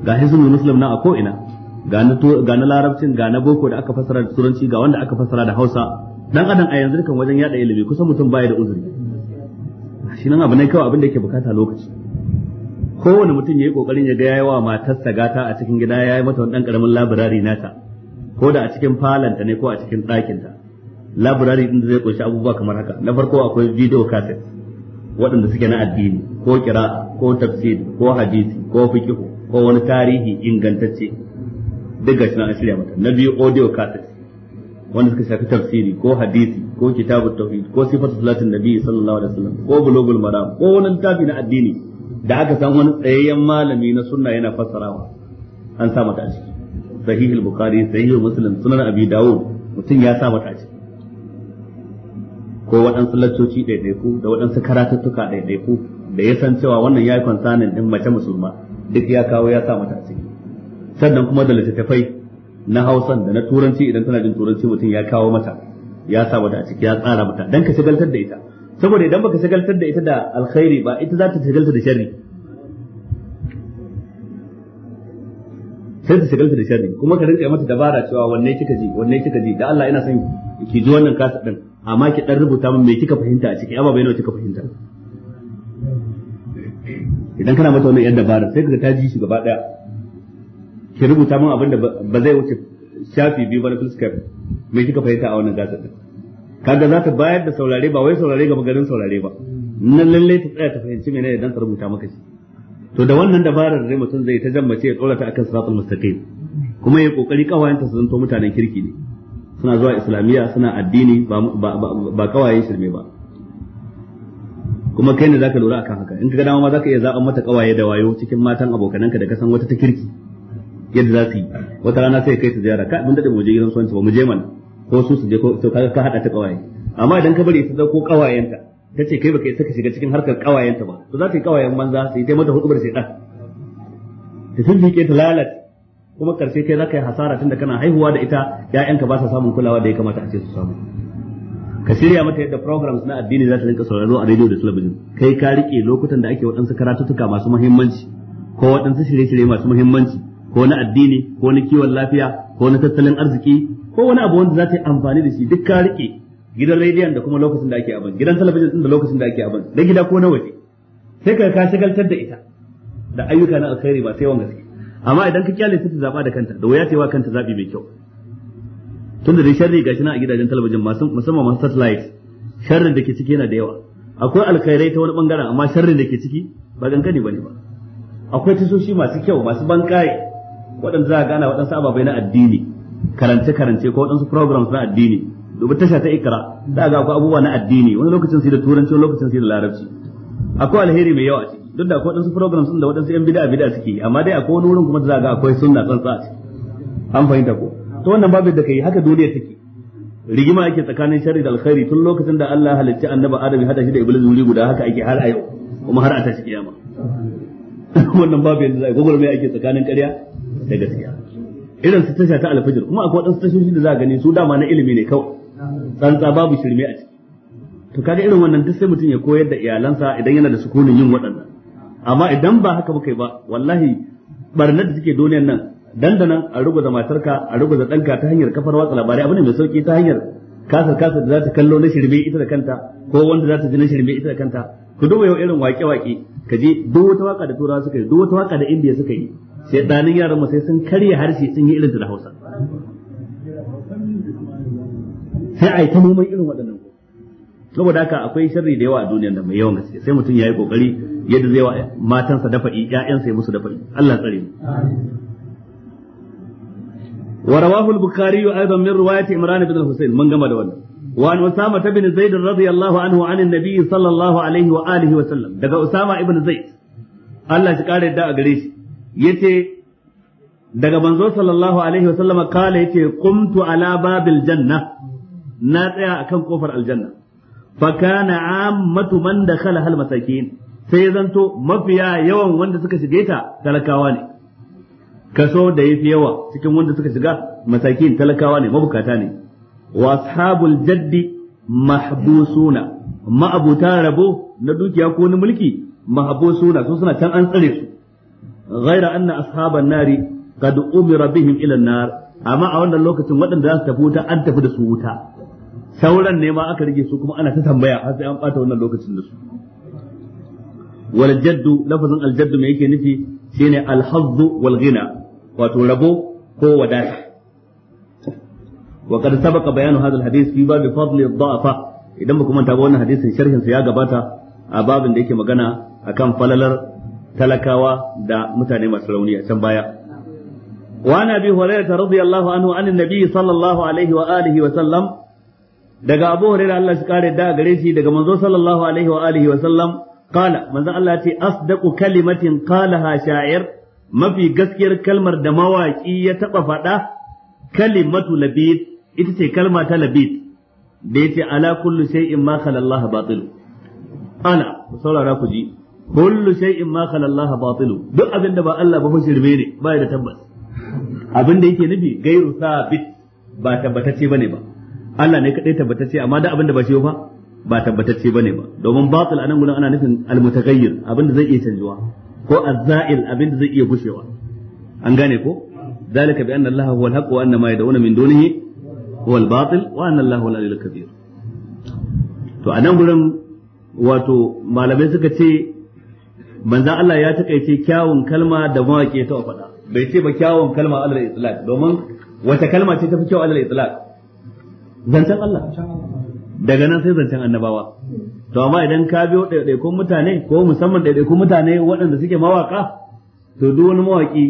ga hizbul muslim na a ko ina ga na larabcin ga na boko da aka fassara da turanci ga wanda aka fassara da hausa dan adam a yanzu kan wajen yada ilimi kusan mutum baya da uzuri shi nan abu ne kawai abin da yake bukata lokaci kowane mutum ya yi kokarin ya ga yayi wa matarsa gata a cikin gida ya yi mata wani dan karamin labirari nata ko da a cikin falanta ne ko a cikin ɗakinta labirari din zai kunshi abubuwa kamar haka na farko akwai video cassette waɗanda suke na addini ko kira ko tafsir ko hadisi ko fikihu ko wani tarihi ingantacce duk gashi na shirya mata na biyu audio cassette wanda suka shafi tafsiri ko hadisi ko kitabut tauhid ko sifatu salatin nabi sallallahu alaihi wasallam ko bulugul maram ko wani littafi na addini da aka san wani tsayayyen malami na sunna yana fassarawa an sa mata a ciki sahih al-bukhari sahih muslim sunan abi dawud mutum ya sa mata ciki ko waɗansu laccoci ɗaiɗaiku da waɗansu karatuttuka ɗaiɗaiku da ya san cewa wannan ya yi kwansanin ɗin mace musulma duk ya kawo ya sa mata ciki sannan kuma da littattafai na hausan da na turanci idan tana jin turanci mutum ya kawo mata ya sa mata a ciki ya tsara mata dan ka shagaltar da ita saboda idan baka shagaltar da ita da alkhairi ba ita za ta shagaltar da sharri sai su shigar da sharri kuma ka rinka mata dabara cewa wanne kika ji wanne kika ji da Allah ina son ki ji wannan kasa din amma ki dan rubuta min me kika fahimta a ciki amma bai nawa kika fahimta idan kana mata wannan yan dabara sai kaga ta ji shi gaba daya ki rubuta min abin da ba zai wuce shafi biyu ba na fuskar me kika fahimta a wannan gasa din kaga za ta bayar da saurare ba wai saurare ga maganin saurare ba nan lalle ta tsaya ta fahimci menene dan ta rubuta maka shi to da wannan dabarar zai mutum zai ta jammace ya tsorata akan siratul mustaqim kuma ya kokari kawayanta su zanto mutanen kirki ne suna zuwa islamiyya suna addini ba kawayen shirme ba kuma kai ne zaka lura akan haka in ka dama ma zaka iya zaben mata kawaye da wayo cikin matan abokananka da ka san wata ta kirki yadda za su yi wata rana sai kai ta ziyara ka mun dade mu je gidan suwanci ba mu je mana ko su su je ko ka hada ta kawaye amma idan ka bari ta dauko kawayenta ta ce kai baka isa ka shiga cikin harkar kawayenta ba to za ta yi kawayen manza, sai ta mata hukumar shaidan ta sun jike ta lalata kuma karshe kai za ka yi hasara tunda kana haihuwa da ita 'ya'yanka ba sa samun kulawa da ya kamata a ce su samu ka shirya mata yadda programs na addini za ta rinka sauraro a rediyo da television kai ka rike lokutan da ake waɗansu karatuttuka masu muhimmanci ko waɗansu shirye-shirye masu muhimmanci ko na addini ko na kiwon lafiya ko na tattalin arziki ko wani abu wanda za ta yi amfani da shi duk ka rike gidan rediyon da kuma lokacin da ake abin gidan talabijin din da lokacin da ake abin da gida ko na waje sai ka ka shigaltar da ita da ayyuka na alkhairi ba sai wanga gaske amma idan ka kyale ta zaba da kanta da waya cewa kanta zabi mai kyau tunda dai sharri gashi na a gidajen talabijin musamman masu satellite sharrin da ke ciki yana da yawa akwai alkhairai ta wani bangaren amma sharrin da ke ciki ba gangane bane ba akwai tasoshi masu kyau masu bankaye waɗanda za a gana waɗansu ababai na addini karance karance ko waɗansu programs na addini dubi tasha ta ikra da ga akwai abubuwa na addini wani lokacin sai da turanci wani lokacin sai da larabci akwai alheri mai yawa ciki duk da akwai wadansu sun da wadansu yan bid'a bid'a suke amma dai akwai wani wurin kuma da za ga akwai sunna tsantsa a an fahimta ko to wannan babu da kai haka duniya take rigima yake tsakanin sharri da alkhairi tun lokacin da Allah halitta annabi Adam ya hada shi da Iblis wuri guda haka ake har a yau kuma har a tashi kiyama wannan babu yadda zai gogol mai ake tsakanin ƙarya da gaskiya irin su tasha ta alfajir kuma akwai wadansu tashoshi da za a gani su dama na ilimi ne kawai tsantsa babu shirme a ciki to kaga irin wannan duk sai mutum ya koyar da iyalansa idan yana da sukunin yin waɗannan amma idan ba haka muka yi ba wallahi barnar da suke duniyar nan dandanan a da matarka a da ɗanka ta hanyar kafar watsa labarai abu ne mai sauki ta hanyar kasar kasar da za ta kallo na shirme ita da kanta ko wanda za ta ji na shirme ita da kanta ku duba yau irin waƙe-waƙe, ka je duk wata waka da turawa suka yi duk wata waka da indiya suka yi sai ɗanin yaran sai sun karya harshe sun yi irin da hausa sai a yi ta noman irin waɗannan saboda haka akwai sharri da yawa a duniyar da mai yawan gaske sai mutum ya yi kokari yadda zai wa matansa dafa i ya'yansa ya musu dafa Allah tsare mu wa rawahu al-bukhari wa aidan min riwayat imran ibn al mun gama da wannan wa an usama ibn zaid radiyallahu anhu an an-nabi sallallahu alaihi wa alihi wa sallam daga usama ibn zaid Allah ya kare da a gare shi yace daga manzo sallallahu alaihi wa sallam kala yace qumtu ala babil jannah na tsaya akan kofar aljanna fa kana ammatu man dakhala hal masakin sai ya zanto mafiya yawan wanda suka shige ta talakawa ne kaso da yafi yawa cikin wanda suka shiga masakin talakawa ne mabukata ne wa ashabul jaddi mahbusuna ma'abuta rabo na dukiya ko na mulki mahbusuna su suna can an tsare su ghaira anna ashaban nari qad umira bihim ila nar amma a wannan lokacin waɗanda za su tafi wuta an tafi da su wuta sauran ne ma aka rage su kuma ana ta tambaya har sai an bata wannan lokacin da su wal jaddu lafazin al jaddu me yake nufi shine al hazzu wal ghina wato rabo ko wadata wa qad sabaqa bayanu hadha al hadith fi bab idan ba kuma taba wannan hadisin sharhin sa ya gabata a babin da yake magana akan falalar talakawa da mutane masu rauni a can baya وعن ابي هريره رضي الله عنه عن sallallahu alaihi wa عليه wa sallam. daga Abu Hurairah Allah shi kare da gare shi daga manzo sallallahu alaihi wa alihi wa sallam qala manzo Allah ya ce asdaqu kalimatin qalaha sha'ir mafi gaskiyar kalmar da mawaki ya taba faɗa kalimatu labid ita ce kalma ta labid da yace ala kullu shay'in ma khala Allah batil ala ku saurara ku ji kullu shay'in ma khala Allah batil duk abin da ba Allah ba fa shirme ne ba da tabbas abin da yake nufi gairu sabit ba tabbatacce bane ba Allah ne kadai tabbatacce amma da abin da ba shi ba ba tabbatacce bane ba domin batil anan gurin ana nufin almutaghayyir abin da zai iya canjuwa ko azzail abin da zai iya gushewa an gane ko ذلك بأن الله هو الحق وأن ما يدعون من دونه هو الباطل وأن الله هو العلي الكبير wato malamai suka ce manzan Allah ya takaice kyawun kalma da mawaƙi ta faɗa bai ce ba kyawun kalma alal itlaq domin wata kalma ce ta fi kyau alal zancen Allah daga nan sai zancen annabawa to amma idan ka biyo ɗaiɗaikun mutane ko musamman ɗaiɗaikun mutane waɗanda suke mawaka to duk wani mawaki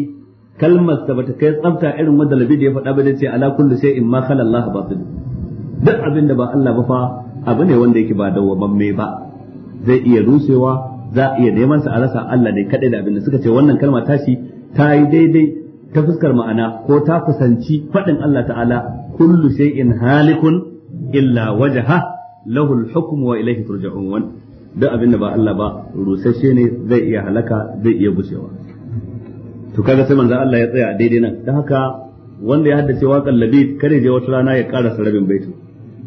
kalmar sa bata kai tsafta irin wanda da ya faɗa ba ce ala kullu in ma khala Allah da. duk abin da ba Allah ba fa abu ne wanda yake ba dawwamamme ba zai iya rusewa za a iya neman sa a rasa Allah ne kadai da abin da suka ce wannan kalma tashi ta yi daidai ta fuskar ma'ana ko ta kusanci faɗin Allah ta'ala kullu shay'in halikun illa wajha lahu al-hukmu wa ilayhi turja'un duk abin da ba Allah ba rusasshe ne zai iya halaka zai iya bushewa to kaga sai manzo Allah ya tsaya a daidai nan dan haka wanda ya haddace waƙar labid kare je wata rana ya ƙara sarabin baitin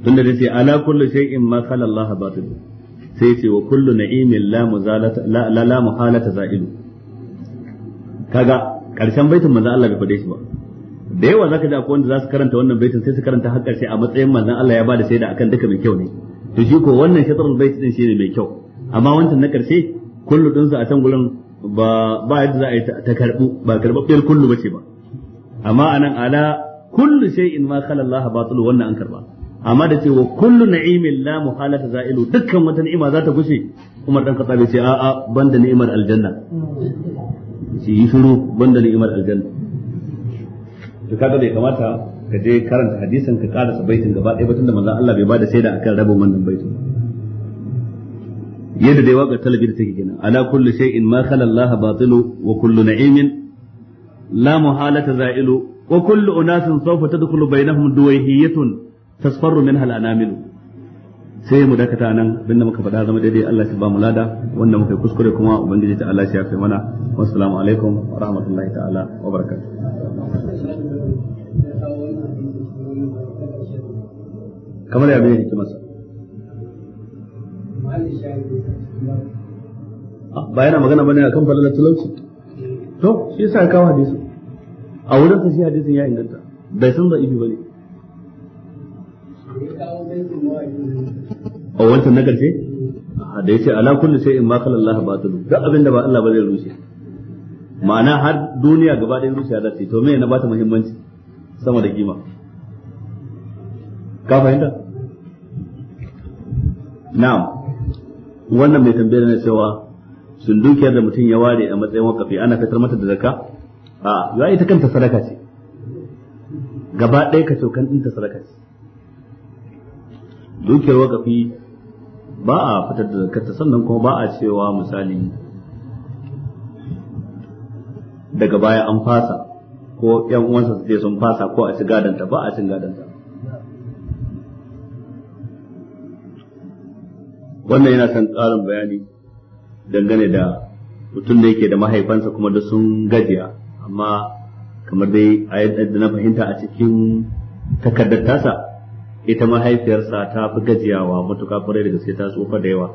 tunda da ce ala kullu shay'in ma khala Allah batil sai ce wa kullu na'imin la muzalata la la muhalata za'ilu kaga karshen baitin manzo Allah bai fade shi ba da yawa zaka ji akwai wanda za su karanta wannan baitin sai su karanta har karshe a matsayin manzon Allah ya bada shaida akan duka mai kyau ne to shi ko wannan shatrul bait din shine mai kyau amma wancan na karshe kullu din a can gurin ba ba yadda za a yi ta karbu ba karbabbiyar kullu bace ba amma anan ala kullu shay'in ma khala Allah batil wannan an karba amma da cewa kullu na'imin la muhalata za'ilu dukkan wata ni'ima za ta gushe Umar dan Khattab ya ce a'a banda ni'imar aljanna shi yi shiru banda ni'imar aljanna to kaga bai kamata ka je karanta hadisin ka sa baitin gaba ɗaya ba tunda manzon Allah bai bada shaida akan rabin wannan baitin yadda dai waka da take gina. ala kulli shay'in ma khala Allah batilu wa kullu na'imin la muhalata za'ilu wa kullu unasin sawfa tadkhulu bainahum duwayhiyatun tasfaru minha al-anamil sai mu dakata nan binne da muka faɗa zama daidai Allah shi ba mu lada wanda muka kuskure kuma ubangiji ta Allah shi ya kai mana wassalamu alaikum wa rahmatullahi ta'ala wa barakatuh kamar ya bayyana hikimarsa ah, ba yana magana bane akan falalar talauci to shi yasa kawo hadisi a wurin sa shi hadisin ya inganta bai san da ibi bane a oh, wancan na karshe da yace ala kulli shay'in ma kala Allah batilu duk abinda ba Allah ba zai rushe ma'ana har duniya gaba ɗaya rushe za ta yi to me na bata muhimmanci sama da kima ka fahimta na'am wannan mai tambayar na cewa sun dukiyar da mutum ya ware a matsayin wakafi ana fitar mata da zakka a ya ita kanta sadaka ce gaba ɗaya ka cokan ɗinta sadaka ce dukiyar wakafi ba a fitar da ta sannan kuma ba a cewa misali daga baya an fasa ko ƴan uwansa su je sun fasa ko a ci gadanta ba a cin gadanta wannan yana son ƙarin bayani dangane da mutum da yake da mahaifansa kuma da sun gajiya amma kamar dai a yadda na fahimta a cikin takardar tasa ita mahaifiyarsa ta fi gajiyawa matuka kwarai da gaske ta tsufa da yawa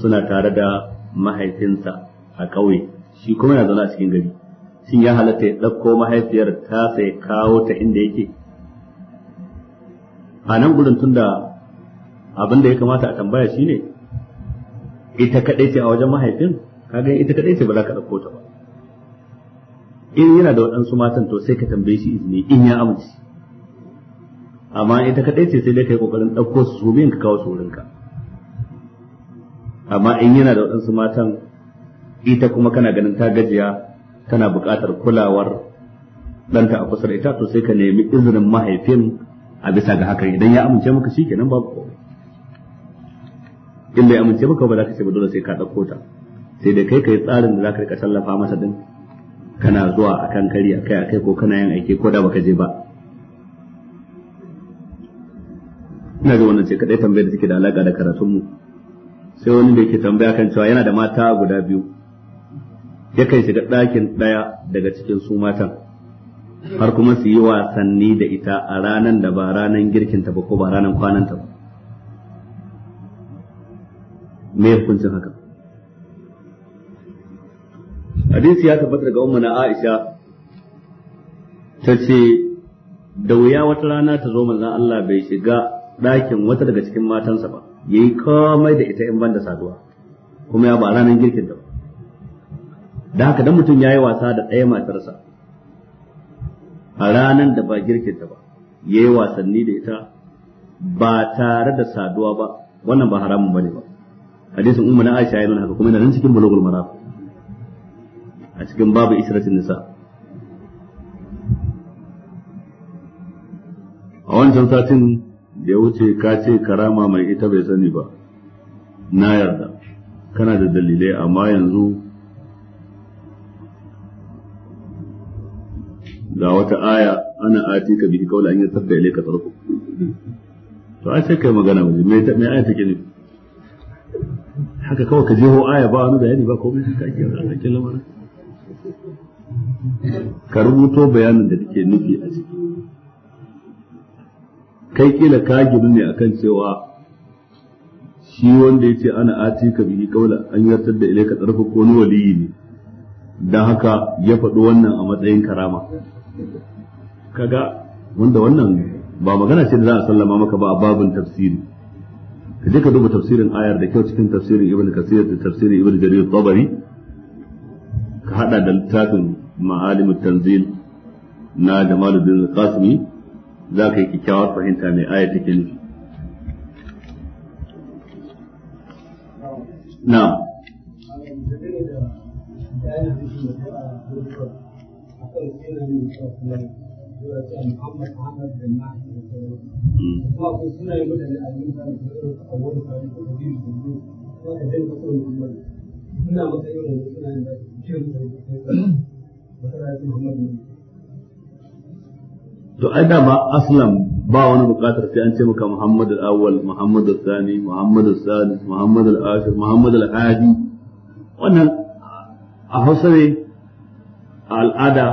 suna tare da mahaifinsa a ƙauye shi kuma yana zaune a cikin gari shin ya halatta ya ɗauko mahaifiyar tasa ya kawo ta inda yake a nan gudun tun da. abin da ya kamata a tambaya shine ita kadai ce a wajen mahaifin kaga ita kadai ce ba za ka dauko ta ba in yana da waɗansu matan to sai ka tambaye shi izini in ya amince amma ita kadai ce sai dai kai kokarin dauko su su biyun ka kawo su wurinka amma in yana da waɗansu matan ita kuma kana ganin ta gajiya tana buƙatar kulawar ɗanta a kusa da ita to sai ka nemi izinin mahaifin a bisa ga haka. idan ya amince maka kenan babu in bai amince maka ba za ka ce ba dole sai ka ɗauko ta sai dai kai kai tsarin da za ka rika tallafa masa din kana zuwa a kan kari a kai a kai ko kana yin aiki ko da baka je ba ina ga wannan ce kadai tambayar da take da alaƙa da karatunmu sai wani da yake tambaya kan cewa yana da mata guda biyu yakan shiga ɗakin ɗaya daga cikin su matan har kuma su yi wasanni da ita a ranan da ba ranan girkinta ba ko ba ranan kwananta ba me hukuncin haka hadisi ya tabbatar daga umma na Aisha ta ce da wuya wata rana ta zo manzon Allah bai shiga ɗakin wata daga cikin matansa ba yayi komai da ita in banda saduwa kuma ya ba ranar girkin da ba da haka dan mutum yayi wasa da ɗaya matarsa a ranar da ba girkin ta ba yayi wasanni da ita ba tare da saduwa ba wannan ba haramun bane ba hadisin umma na Aisha yana haka kuma yana nan cikin bulugul maram a cikin babu isratin nisa a wancan satin da ya wuce ka ce karama mai ita bai sani ba na yarda kana da dalilai amma yanzu ga wata aya ana ati ka bihi kawai an yi ilai ka tsarko to a ce kai magana mai mai aya take ne haka kawai ka jeho aya ba wani bayani ba komai ka ake ake lamarin ka rubuto bayanin da take nufi a ciki kai kila ka gina ne akan cewa shi wanda ya ce ana ati ka bihi kaula an yartar da ilaika tsarfa ko ni waliyi ne don haka ya faɗi wannan a matsayin karama kaga wanda wannan ba magana ce da za a sallama maka ba a babin tafsiri ka je ka duba tafsirin ayar da kyau cikin tafsirin ibn kasir da tafsirin ibn jarir tabari ka hada da littafin ma'alim tanzil na jamaluddin al-qasimi za ka yi kyakkyawar fahimta mai aya take nufi na Thank you. To ai da ba aslam ba wani bukatar sai an ce maka Muhammad al-Awwal, Muhammad al-Thani, Muhammad al-Salis, Muhammad al-Ashir, Muhammad al-Hadi. Wannan a Hausa ne a al'ada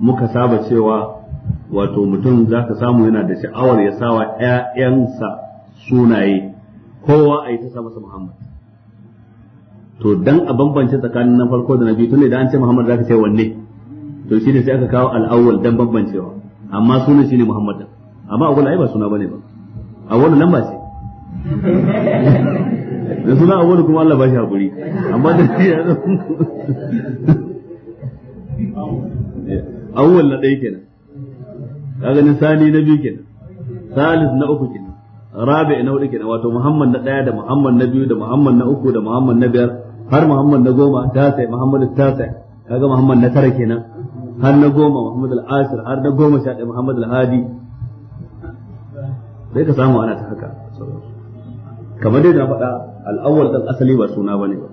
muka saba cewa wato mutum za ka samu yana da sha'awar ya sawa ‘ya'yansa sunaye kowa a yi ta sa masa Muhammad. To dan a bambance tsakanin na farko da na biyu tun da an ce Muhammad za ka ce wanne to shi ne sai aka kawo al'awwal don bambancewa amma sunan shi ne Muhammad da, amma a ai ba suna ba ne ba A awwal lamba ce da suna da kuma Allah ba shi haƙuri, amma da shi ya awwal na ɗaya kenan ka gani sani na biyu kenan salis na uku kenan rabi na hudu kenan wato muhammad na ɗaya da muhammad na biyu da muhammad na uku da muhammad na biyar har muhammad na goma tasai muhammad tasai kaga muhammad na tara kenan har na goma muhammad al-ashir har na goma sha ɗaya muhammad al-hadi sai ka samu ana ta haka kamar dai na faɗa al-awwal dan asali ba suna bane ba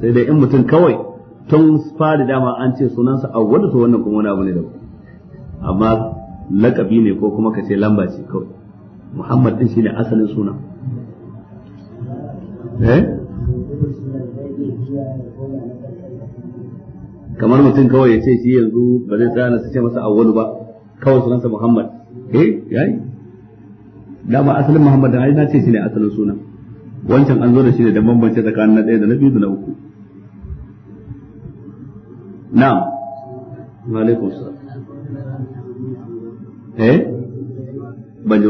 sai dai in mutum kawai tun fari dama an ce sunansa wadda to wannan kuma wani abu ne daban amma lakabi ne ko kuma ka ce lamba ce kawai muhammad din shine asalin suna eh kamar mutum kawai ya ce shi yanzu ba zai tsaya su ce masa awwalu ba kawai sunansa muhammad eh yayi dama asalin muhammad da ai na ce shine asalin suna wancan an zo da shi ne da bambance tsakanin na ɗaya da na biyu da na uku na'am wa alaikum ايه eh ban ji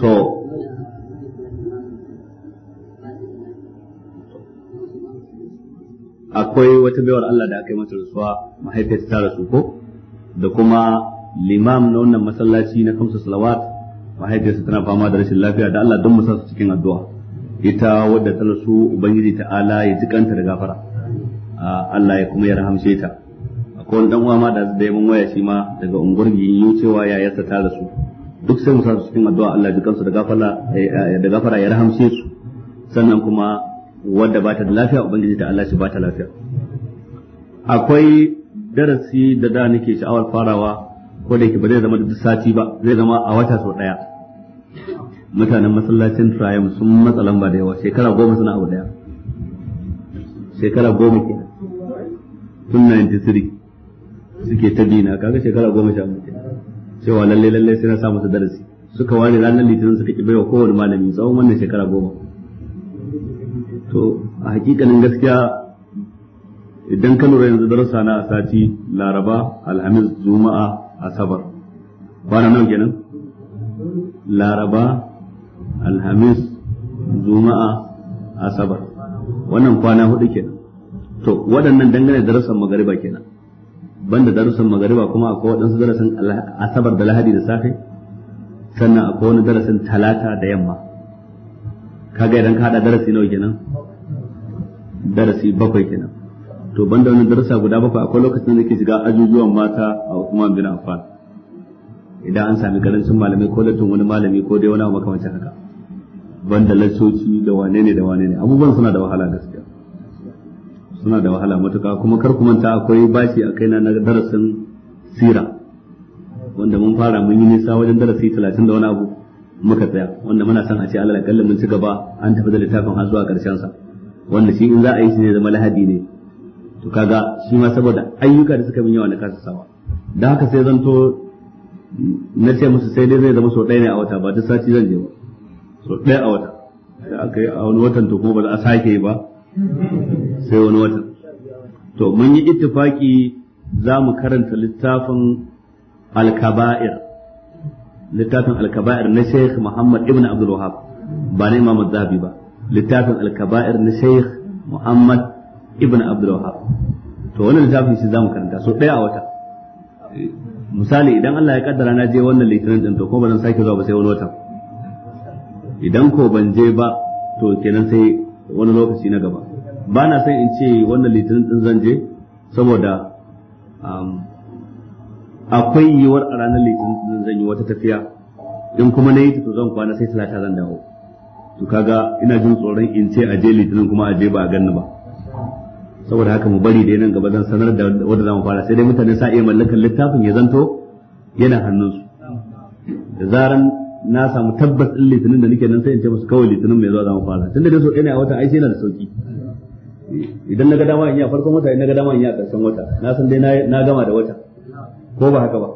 so akwai wata baiwar Allah da aka yi mata rasuwa mahaifiyar ta rasu ko da kuma limam na wannan masallaci na kamsa salawat mahaifiyarsa tana fama da rashin lafiya da Allah don musa su cikin addu'a ita wadda ta rasu ubangiji ta'ala ya jikanta da gafara Allah ya kuma ya rahamshe ta akwai wani dan uwa ma da da yaman waya shi ma daga ungurgi yi cewa yasa ta rasu duk sai mu sa su cikin addu'a Allah ya kansu da gafara eh, eh, da gafara ya rahamshe su sannan kuma wadda ba ta da lafiya ubangiji ta Allah shi ba ta lafiya akwai darasi da da nake sha'awar farawa ko da yake ba zai zama da sati ba zai zama a wata sau daya mutanen masallacin Trium sun matsa lamba da yawa shekara goma suna abu daya shekara goma ke tun 93 suke ta dina kaga shekara goma sha mutu cewa lalle lalle sai na sa masa darasi suka ware ranar litinin suka ki baiwa kowane malami tsawon wannan shekara goma to a hakikanin gaskiya idan ka lura yanzu darasa na a sati laraba alhamis juma'a asabar kwana nan kenan laraba alhamis juma'a asabar wannan kwana hudu kenan to waɗannan dangane da darasan magariba kenan banda darasan magariba kuma akwai waɗansu darasan asabar da lahadi da safe sannan akwai wani darasin talata da yamma kaga idan ka hada darasi nawa kenan darasi bakwai kenan to banda wani darasa guda bakwai akwai lokacin da ke shiga ajujuwan mata a Uthman bin Affan idan an sami karancin malamai ko latin wani malami ko dai wani abu makamancin haka banda lasoci da wane ne da wane ne abubuwan suna da wahala gaskiya suna da wahala matuka kuma kar ku manta akwai bashi a kaina na darasin sira wanda mun fara mun yi nisa wajen darasi talatin da wani abu muka tsaya wanda muna son a ce alal akalla mun ci gaba an tafi da littafin har zuwa karshen sa wanda shi in za a yi shi ne zama lahadi ne to kaga shi ma saboda ayyuka da suka min yawa na kasa sawa da haka sai zanto na ce musu sai dai zai zama sau ɗaya ne a wata ba ta sati zan je ba sau ɗaya a wata da aka yi a wani watan to kuma ba za a sake yi ba sai wani watan to mun yi ittifaki za mu karanta littafin alkaba'ir littafin alkaba'ir na sheikh muhammad ibn abdul wahab ba na imam zahabi ba littafin alkaba'ir na sheikh muhammad ibn abdul wahab to wannan littafin shi za mu karanta sau ɗaya a wata misali idan Allah ya kaddara na je wannan litinin din to ko ba zan sake zuwa ba sai wani watan idan ko ban je ba to kenan sai wani lokaci na gaba ba na son in ce wannan litinin din zan je saboda um, akwai yiwuwar a ranar litinin din zan yi wata tafiya in kuma na yi to zan kwana sai talata zan dawo to kaga ina jin tsoron in ce a je litinin kuma a je ba a ganni ba saboda haka mu bari da nan gaba zan sanar da wanda zamu fara sai dai mutane sa iya mallakan littafin ya zanto yana hannunsu da zaran na samu tabbas din litinin da nake nan sai in ce musu kawai litinin mai zuwa zamu fara tun da so ɗaya ne a wata ai sai yana da sauki idan na ga dama in yi a farkon wata idan na ga dama in yi a ƙarshen wata na san dai na gama da wata ko ba haka ba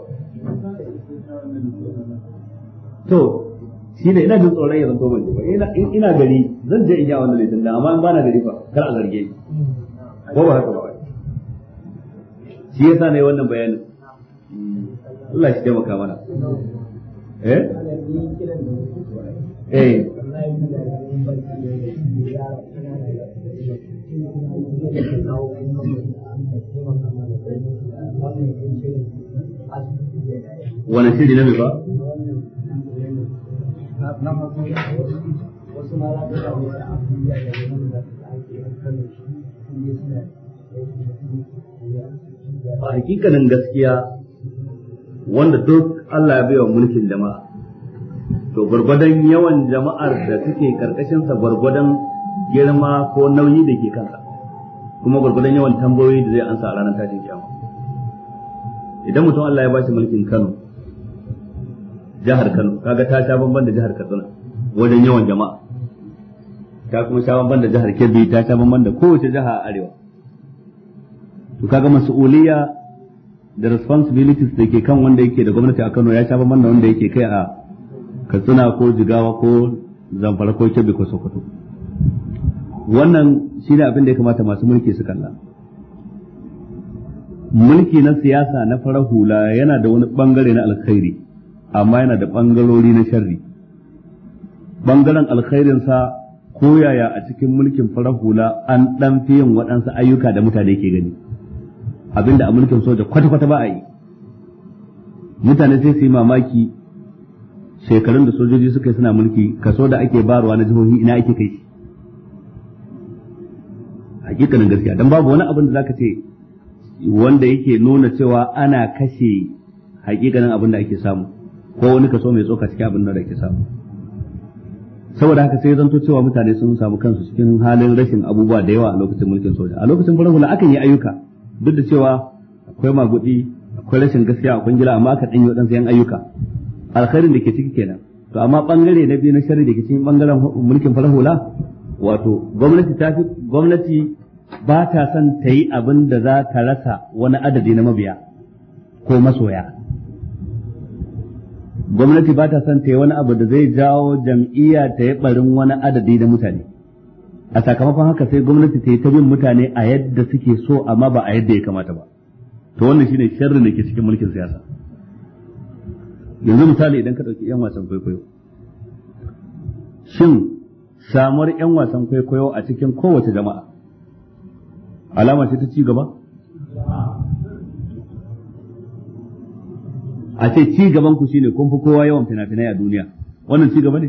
to shi ne ina jin tsoron ya zanto mai ina gari zan je in yi a wannan litinin da amma in bana gari fa kar a zarge ni ko haka ba shi yasa ne wannan bayanin Allah shi taimaka mana eh eh wani shiri na mai ba wasu a hakikanin gaskiya wanda duk Allah ya baiwa mulkin jama'a to gwargwadon yawan jama'ar da suke karkashinsa gwargwadon girma ko nauyi da ke kansa kuma gwargwadon yawan tambayoyi da zai ansa a ranar tashin kiyama idan mutum Allah ya ba shi mulkin Kano jihar Kano kaga ta sha bamban da jihar Katsina wajen yawan jama'a ta kuma sha bamban da jihar Kebbi ta sha bamban da kowace jiha a arewa to kaga mas'uliyya da responsibilities da ke kan wanda yake da gwamnati a Kano ya sha bamban da wanda yake kai a Katsina ko Jigawa ko Zamfara ko Kebbi ko Sokoto wannan shi ne abin da ya kamata masu mulki su kalla mulki na siyasa na farar hula yana da wani bangare na alkhairi amma yana da bangarori na sharri bangaren alkhairinsa koyaya a cikin mulkin farar hula an dan fi yin waɗansu ayyuka da mutane ke gani abinda a mulkin soja kwata-kwata ba a yi mutane sai su yi mamaki shekarun da sojoji suka yi suna mulki kaso da ake barwa na jihohi ina ake kai hakikanin gaskiya don babu wani abin da zaka ce wanda yake nuna cewa ana kashe hakikanin abin da ake samu ko wani kaso mai tsoka cikin abin da ake samu saboda haka sai zanto cewa mutane sun samu kansu cikin halin rashin abubuwa da yawa a lokacin mulkin soja a lokacin farar hula akan yi ayyuka duk da cewa akwai magudi akwai rashin gaskiya a kungila amma aka danyi waɗansu yan ayyuka alkhairin da ke ciki kenan to amma bangare na biyu na sharri da ke cikin bangaren mulkin farar hula wato gwamnati ta fi gwamnati ba ta son ta yi abin da za ta rasa wani adadi na mabiya ko masoya gwamnati ba ta son ta yi wani abu da zai jawo jam'iyya ta yi barin wani adadi na mutane a sakamakon haka sai gwamnati ta yi ta bin mutane a yadda suke so amma ba a yadda ya kamata ba to wannan shine sharri da ke cikin mulkin siyasa yanzu misali idan ka ɗauki 'yan wasan kwaikwayo shin samuwar 'yan wasan kwaikwayo a cikin kowace jama'a alama ce ta ci gaba a ce ci gaban ku shine kun fi kowa yawan fina-finai a duniya wannan ci gaba ne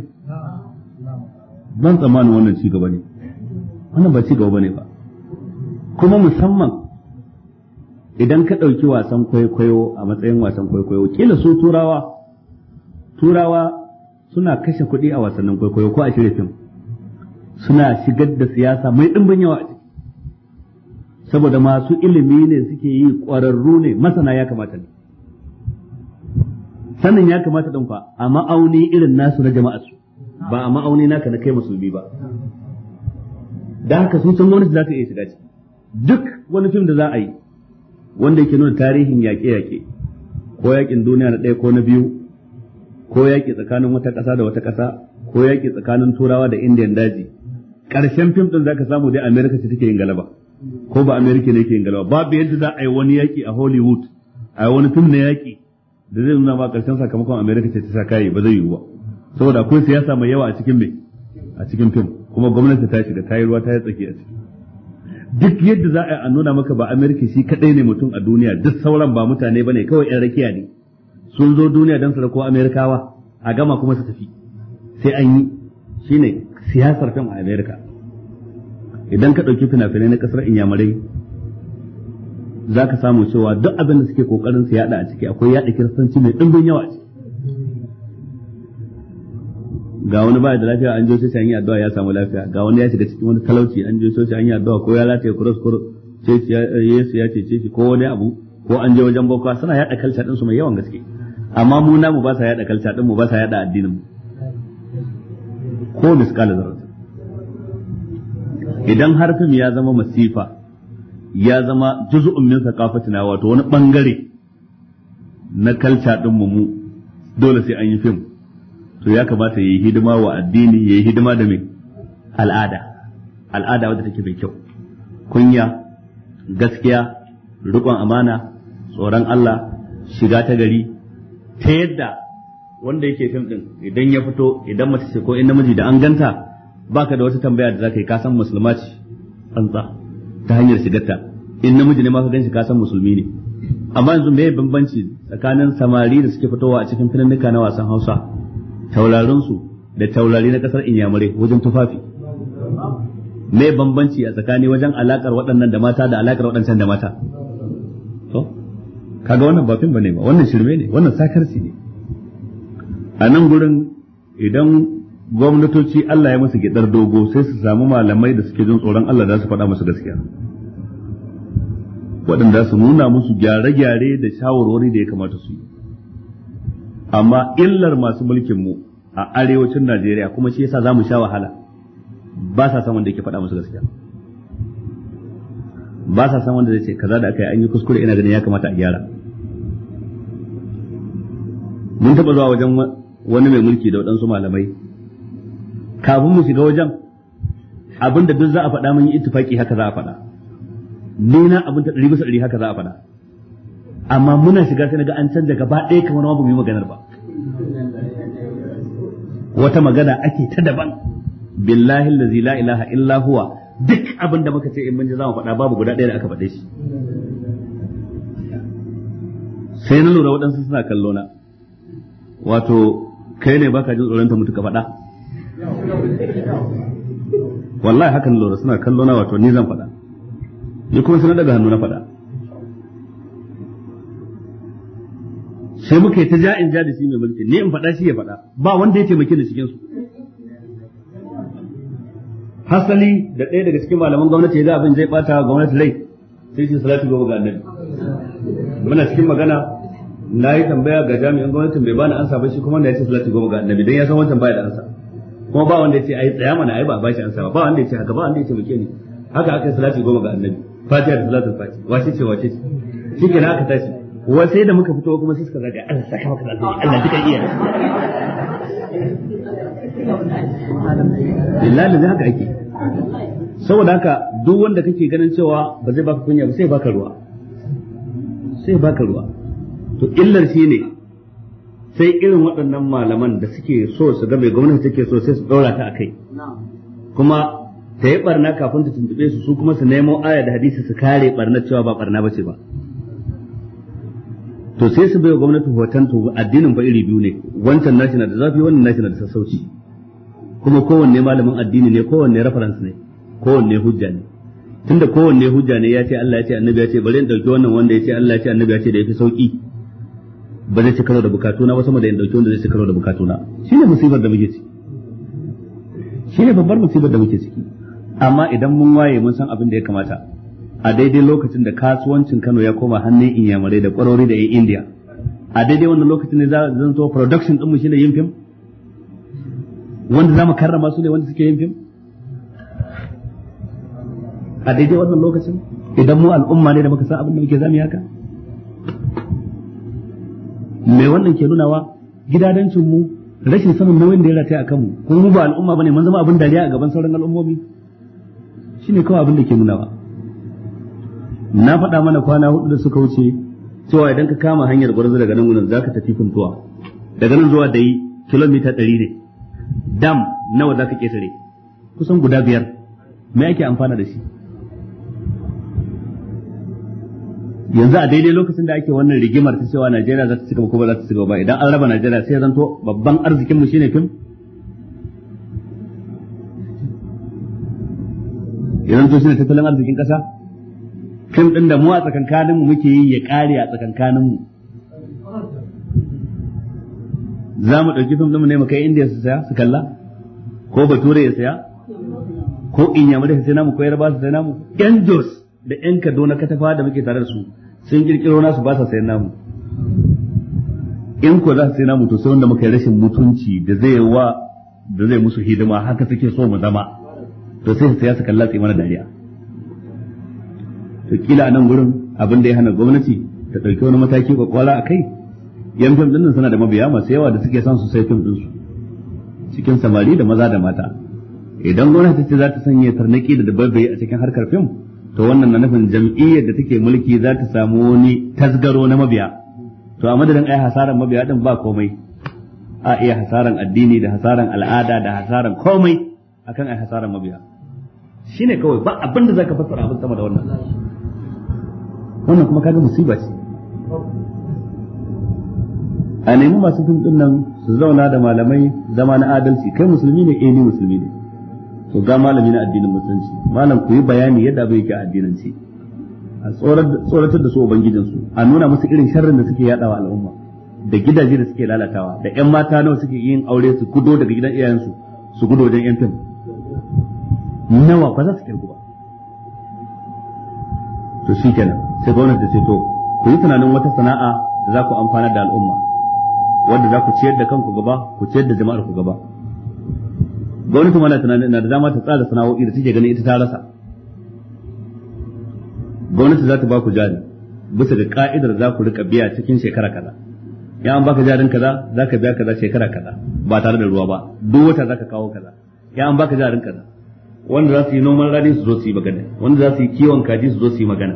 ban tsammanin wannan ci gaba ne wannan ba ci gaba bane ba kuma musamman idan ka ɗauki wasan kwaikwayo a matsayin wasan kwaikwayo kila su turawa turawa suna kashe kuɗi a wasannin kwaikwayo ko a shirya fim suna shigar da siyasa mai ɗimbin yawa a ciki saboda masu ilimi ne suke yi ƙwararru ne masana ya kamata ne sannan ya kamata ɗin fa a ma'auni irin nasu na jama'a su ba a ma'auni naka na kai musulmi ba da haka su san gwamnati za ta iya shiga ciki duk wani fim da za a yi wanda yake nuna tarihin yaƙe-yaƙe ko yaƙin duniya na ɗaya ko na biyu ko yaƙi tsakanin wata ƙasa da wata ƙasa ko yaƙi tsakanin turawa da indiyan daji ƙarshen fim ɗin zaka samu dai amerika ce take yin galaba ko ba amerika ne ke yin galaba babu yadda za a yi wani yaƙi a hollywood a wani fim na yaƙi da zai nuna ba ƙarshen sakamakon amerika ce ta sa kayi ba zai yiwu ba saboda akwai siyasa mai yawa a cikin me a cikin fim kuma gwamnati ta shiga ta yi ruwa ta yi tsaki a ciki duk yadda za a nuna maka ba Amerika shi kadai ne mutum a duniya duk sauran ba mutane bane kawai yan rakiya ne sun zo duniya don su rako Amerikawa a gama kuma su tafi sai an yi shine siyasar fim a Amerika idan ka ɗauki fina-finai na ƙasar Inyamurai za ka samu cewa duk abin da suke kokarin su yada a ciki akwai yada kiristanci mai ɗimbin yawa a ciki ga wani baya da lafiya an jiyo sai an yi addu'a ya samu lafiya ga wani ya shiga cikin wani talauci an jiyo sai an yi addu'a ko ya lataye kuros cross sai Yesu ya cece shi ko wani abu ko an je wajen boko suna yada kalta din su mai yawan gaske amma mu namu ba sa yada kalta din mu ba sa yada addinin mu ko miskala zarra idan harfin ya zama masifa ya zama juz'un min thaqafatina wato wani bangare na kalta din mu dole sai an yi fim to ya kamata ya yi hidima wa addini ya yi hidima da mai al'ada al'ada wadda take mai kyau kunya gaskiya rikon amana tsoron Allah shiga ta gari ta yadda wanda yake fim din idan ya fito idan mace ce ko in namiji da an ganta baka da wata tambaya da zaka yi ka san musulma ce tsantsa ta hanyar shigarta in namiji ne ma ka ganshi ka san musulmi ne amma yanzu me bambanci tsakanin samari da suke fitowa a cikin filannuka na wasan Hausa taurarinsu da taurari na kasar inyamurai wajen tufafi me bambanci a tsakani wajen alakar waɗannan da mata da alakar waɗancan da mata to kaga wannan ba bane ba wannan shirme ne wannan sakarci ne a nan gurin idan gwamnatoci Allah ya musu gidar dogo sai su samu malamai da suke jin tsoron Allah za su faɗa musu gaskiya waɗanda su nuna musu gyare-gyare da shawarwari da ya kamata su yi amma illar masu mulkin mu a arewacin Najeriya kuma shi yasa zamu sha wahala ba sa san wanda yake faɗa musu gaskiya ba sa san wanda zai ce kaza da aka yi an yi kuskure ina ganin ya kamata a gyara mun taɓa zuwa wajen wani mai mulki da waɗansu malamai kafin mu shiga wajen abinda duk za a faɗa mun yi ittifaki haka za a faɗa ni na abin ta ɗari bisa ɗari haka za a faɗa amma muna shiga sai naga an canza gaba ɗaya kamar ma ba mu yi maganar ba wata magana ake ta daban billahi allazi la ilaha illa huwa duk abin da muka ce in mun ji zamu faɗa babu guda ɗaya da aka faɗe shi sai na lura waɗansu suna kallo na wato kai ne baka jin tsoron ta mutu ka faɗa wallahi hakan lura suna kallo na wato ni zan faɗa ni kuma suna daga hannu na faɗa sai muka yi ta ja'in in ja da shi mai mulki ne in faɗa shi ya faɗa ba wanda ya taimake ni cikin su hasali da ɗaya daga cikin malaman gwamnati ya ga abin zai bata gwamnati lai sai shi salatu gaba ga annabi muna cikin magana na yi tambaya ga jami'an gwamnati bai bani ansa ba shi kuma na ya ce salatu gaba ga annabi dan ya san wancan baya da ansa kuma ba wanda ya ce ai tsaya mana ai ba ba shi ansa ba ba wanda ya ce haka ba wanda ya ce ni haka aka salatu goma ga annabi fatiha da salatu fatiha wace ce wace ce shi kenan aka tashi wa sai da muka fito kuma sai suka zaga Allah saka maka alheri Allah duka iya Allah ne haka ake saboda haka duk wanda kake ganin cewa ba zai baka kunya ba sai baka ruwa sai baka ruwa to illar shi ne, sai irin waɗannan malaman da suke so su ga mai gwamnati take so sai su ɗora ta akai kuma ta yi barna kafin ta tuntuɓe su su kuma su nemo aya da hadisi su kare barna cewa ba barna ce ba to sai su bai gwamnati hoton to addinin ba iri biyu ne wancan nashi na da zafi wannan nashi na da sassauci kuma kowanne malamin addini ne kowanne reference ne kowanne hujja ne tunda kowanne hujja ne ya ce Allah ya ce annabi ya ce bari in dauki wannan wanda ya ce Allah ya ce annabi ya ce da yafi sauki ba zai ci karo da bukatuna ba sama da in dauki wanda zai ci karo da bukatuna shine musibar da muke ciki shine babbar musibar da muke ciki amma idan mun waye mun san abin da ya kamata a daidai lokacin da kasuwancin Kano ya koma hannun inyamurai da kwarori da 'yan India a daidai wannan lokacin ne za zan so production din mu da yin fim wanda za mu karrama su ne wanda suke yin fim a daidai wannan lokacin idan mu al'umma ne da muka san abin da muke zami haka me wannan ke nunawa gidadancin mu rashin sanin nauyin da ya rataya a kanmu kuma mu ba al'umma bane mun zama abin dariya a gaban sauran al'ummomi shine kawai abin da ke nunawa na faɗa mana kwana hudu da suka wuce cewa idan ka kama hanyar gwarzo daga nan wurin zaka tafi kuntuwa daga nan zuwa dai kilomita ɗari ne dam nawa zaka ketare kusan guda biyar me ake amfana da shi yanzu a daidai lokacin da ake wannan rigimar ta cewa Najeriya za ta cika ko ba za ta cika ba idan an raba Najeriya sai zanto babban arzikin mu shine fim idan to shine tattalin arzikin kasa fim din da mu a tsakankanin mu muke yi ya kare a tsakankanin mu za mu ɗauki fim ɗinmu ne mu kai inda su saya su kalla ko bature ya saya ko inyamurai da sai namu ko yarba su sai namu yan jos da yan kaduna katafa da muke tare da su sun kirkiro nasu ba sa sayan namu in ko za su sai namu to sai wanda muka yi rashin mutunci da zai wa da zai musu hidima haka suke so mu zama to sai su saya su kalla su yi mana dariya to kila a nan gurin abin da ya hana gwamnati ta ɗauki wani mataki kwakwara a kai yan fim ɗin suna da mabiya masu yawa da suke son su sai fim ɗinsu cikin samari da maza da mata idan gwamnati ce za ta sanya tarnaki da dababbe a cikin harkar fim to wannan na nufin jam'iyyar da take mulki za ta samu wani tasgaro na mabiya to a madadin ai hasaran mabiya din ba komai a iya hasaran addini da hasaran al'ada da hasaran komai akan ai hasaran mabiya shine kawai ba abin da zaka fassara abin sama da wannan wannan kuma kaga musiba ce a nemi masu tuntun nan su zauna da malamai zama na adalci kai musulmi ne eh ni musulmi ne to ga malami na addinin musulunci malam ku yi bayani yadda abin yake addinanci a tsoratar da su ubangijinsu a nuna musu irin sharrin da suke yadawa al'umma da gidaje da suke lalatawa da yan mata nawa suke yin aure su gudo daga gidan iyayensu su gudo wajen yan tun nawa ba za su kirku ba to kenan sai gwamnati ta ce to ku yi tunanin wata sana'a da za ku amfana da al'umma wanda za ku ciyar da kanku gaba ku ciyar da jama'ar ku gaba gwamnati na tunanin na da dama ta tsara sana'o'i da take ganin ita ta rasa gwamnati za ta ba ku jari bisa ga ka'idar za ku rika biya cikin shekara kaza ya an baka jarin kaza za ka biya kaza shekara kaza ba tare da ruwa ba duk wata za ka kawo kaza ya an baka jarin kaza wanda za su yi noman rani su zo su yi magana wanda za su yi kiwon kaji su zo su yi magana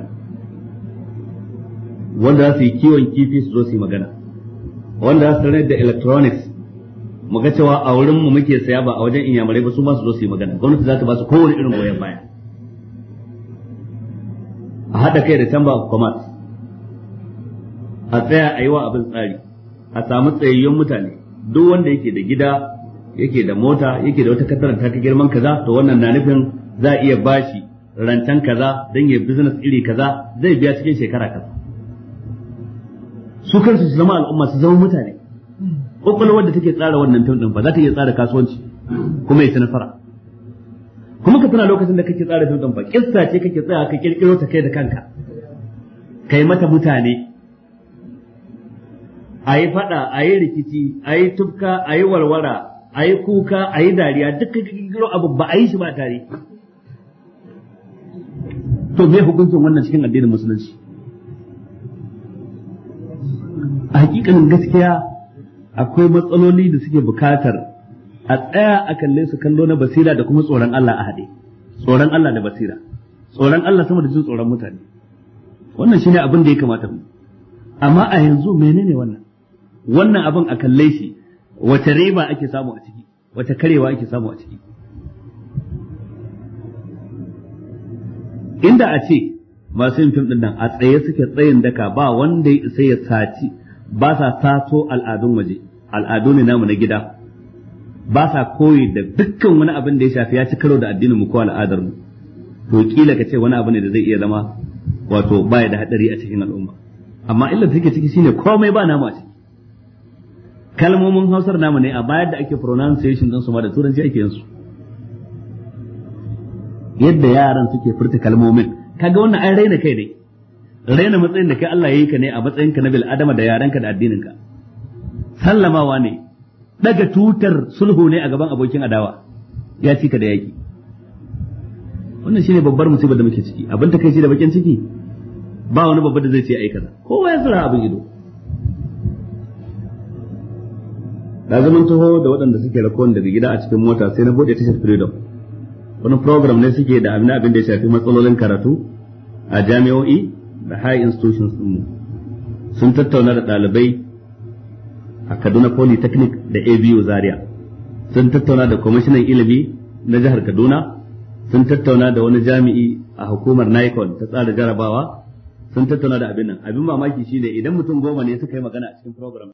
wanda za su yi kiwon kifi su zo su yi magana wanda za su da electronics mu ga cewa a wurin mu muke saya ba a wajen inyamurai ba su ma su zo su yi magana gwamnati za ta ba su kowane irin goyon baya a haɗa kai da chamber of commerce a tsaya a yi wa abin tsari a samu tsayayyen mutane duk wanda yake da gida yake da mota yake da wata kasarar ta girman kaza to wannan na nufin za a iya bashi rancen kaza don ya business iri kaza zai biya cikin shekara kaza su kansu su zama al'umma su zama mutane kwakwalwar da take tsara wannan fim din ba za ta iya tsara kasuwanci kuma ya ci nasara kuma ka tana lokacin da kake tsara fim din ba kissa ce kake tsaya ka kirkiro ta kai da kanka kai mata mutane a yi fada a yi rikici a yi tufka a yi warwara a yi kuka a yi dariya duk kirkiro abu ba a yi shi ba tare to me hukuncin wannan cikin addinin musulunci a hakikanin gaskiya akwai matsaloli da suke bukatar a tsaya a kalle su kallo na basira da kuma tsoron Allah a haɗe tsoron Allah da basira tsoron Allah sama da jin tsoron mutane wannan shine abin da ya kamata mu amma a yanzu menene wannan wannan abin a kalle shi wata riba ake samu a ciki wata karewa ake samu a ciki inda a ce masu yin fim din nan a tsaye suke tsayin daka ba wanda ya isa ya saci ba sa sato al'adun waje al'adu ne namu na gida ba sa koyi da dukkan wani abin da ya shafi ya ci karo da addinin mu ko al'adar mu to kila ka ce wani abu ne da zai iya zama wato baya da hadari a cikin al'umma amma illa take ciki shine komai ba namu a ciki kalmomin hausar namu ne a bayar da ake pronunciation din su ma da turanci ake yin su yadda yaran suke furta kalmomin kaga wannan an raina kai ne raina matsayin da kai Allah ya yi ka ne a matsayin ka na bil adama da yaran ka da addinin ka sallamawa ne daga tutar sulhu ne a gaban abokin adawa ya ci ka da yaki wannan shine babbar musiba da muke ciki abin ta kai shi da bakin ciki ba wani babba da zai ce aikata. kowa ya tsira abin ido da zaman taho da waɗanda suke rakon daga gida a cikin mota sai na bude tashar freedom wani program ne suke da abin abin da ya shafi matsalolin karatu a jami'o'i da high institutions mu sun tattauna da ɗalibai a Kaduna Polytechnic da ABU Zaria sun tattauna da kwamishinan ilimi na jihar Kaduna sun tattauna da wani jami'i a hukumar NICON ta tsara jarabawa sun tattauna da abin nan abin mamaki shine idan mutum goma ne suka yi magana a cikin program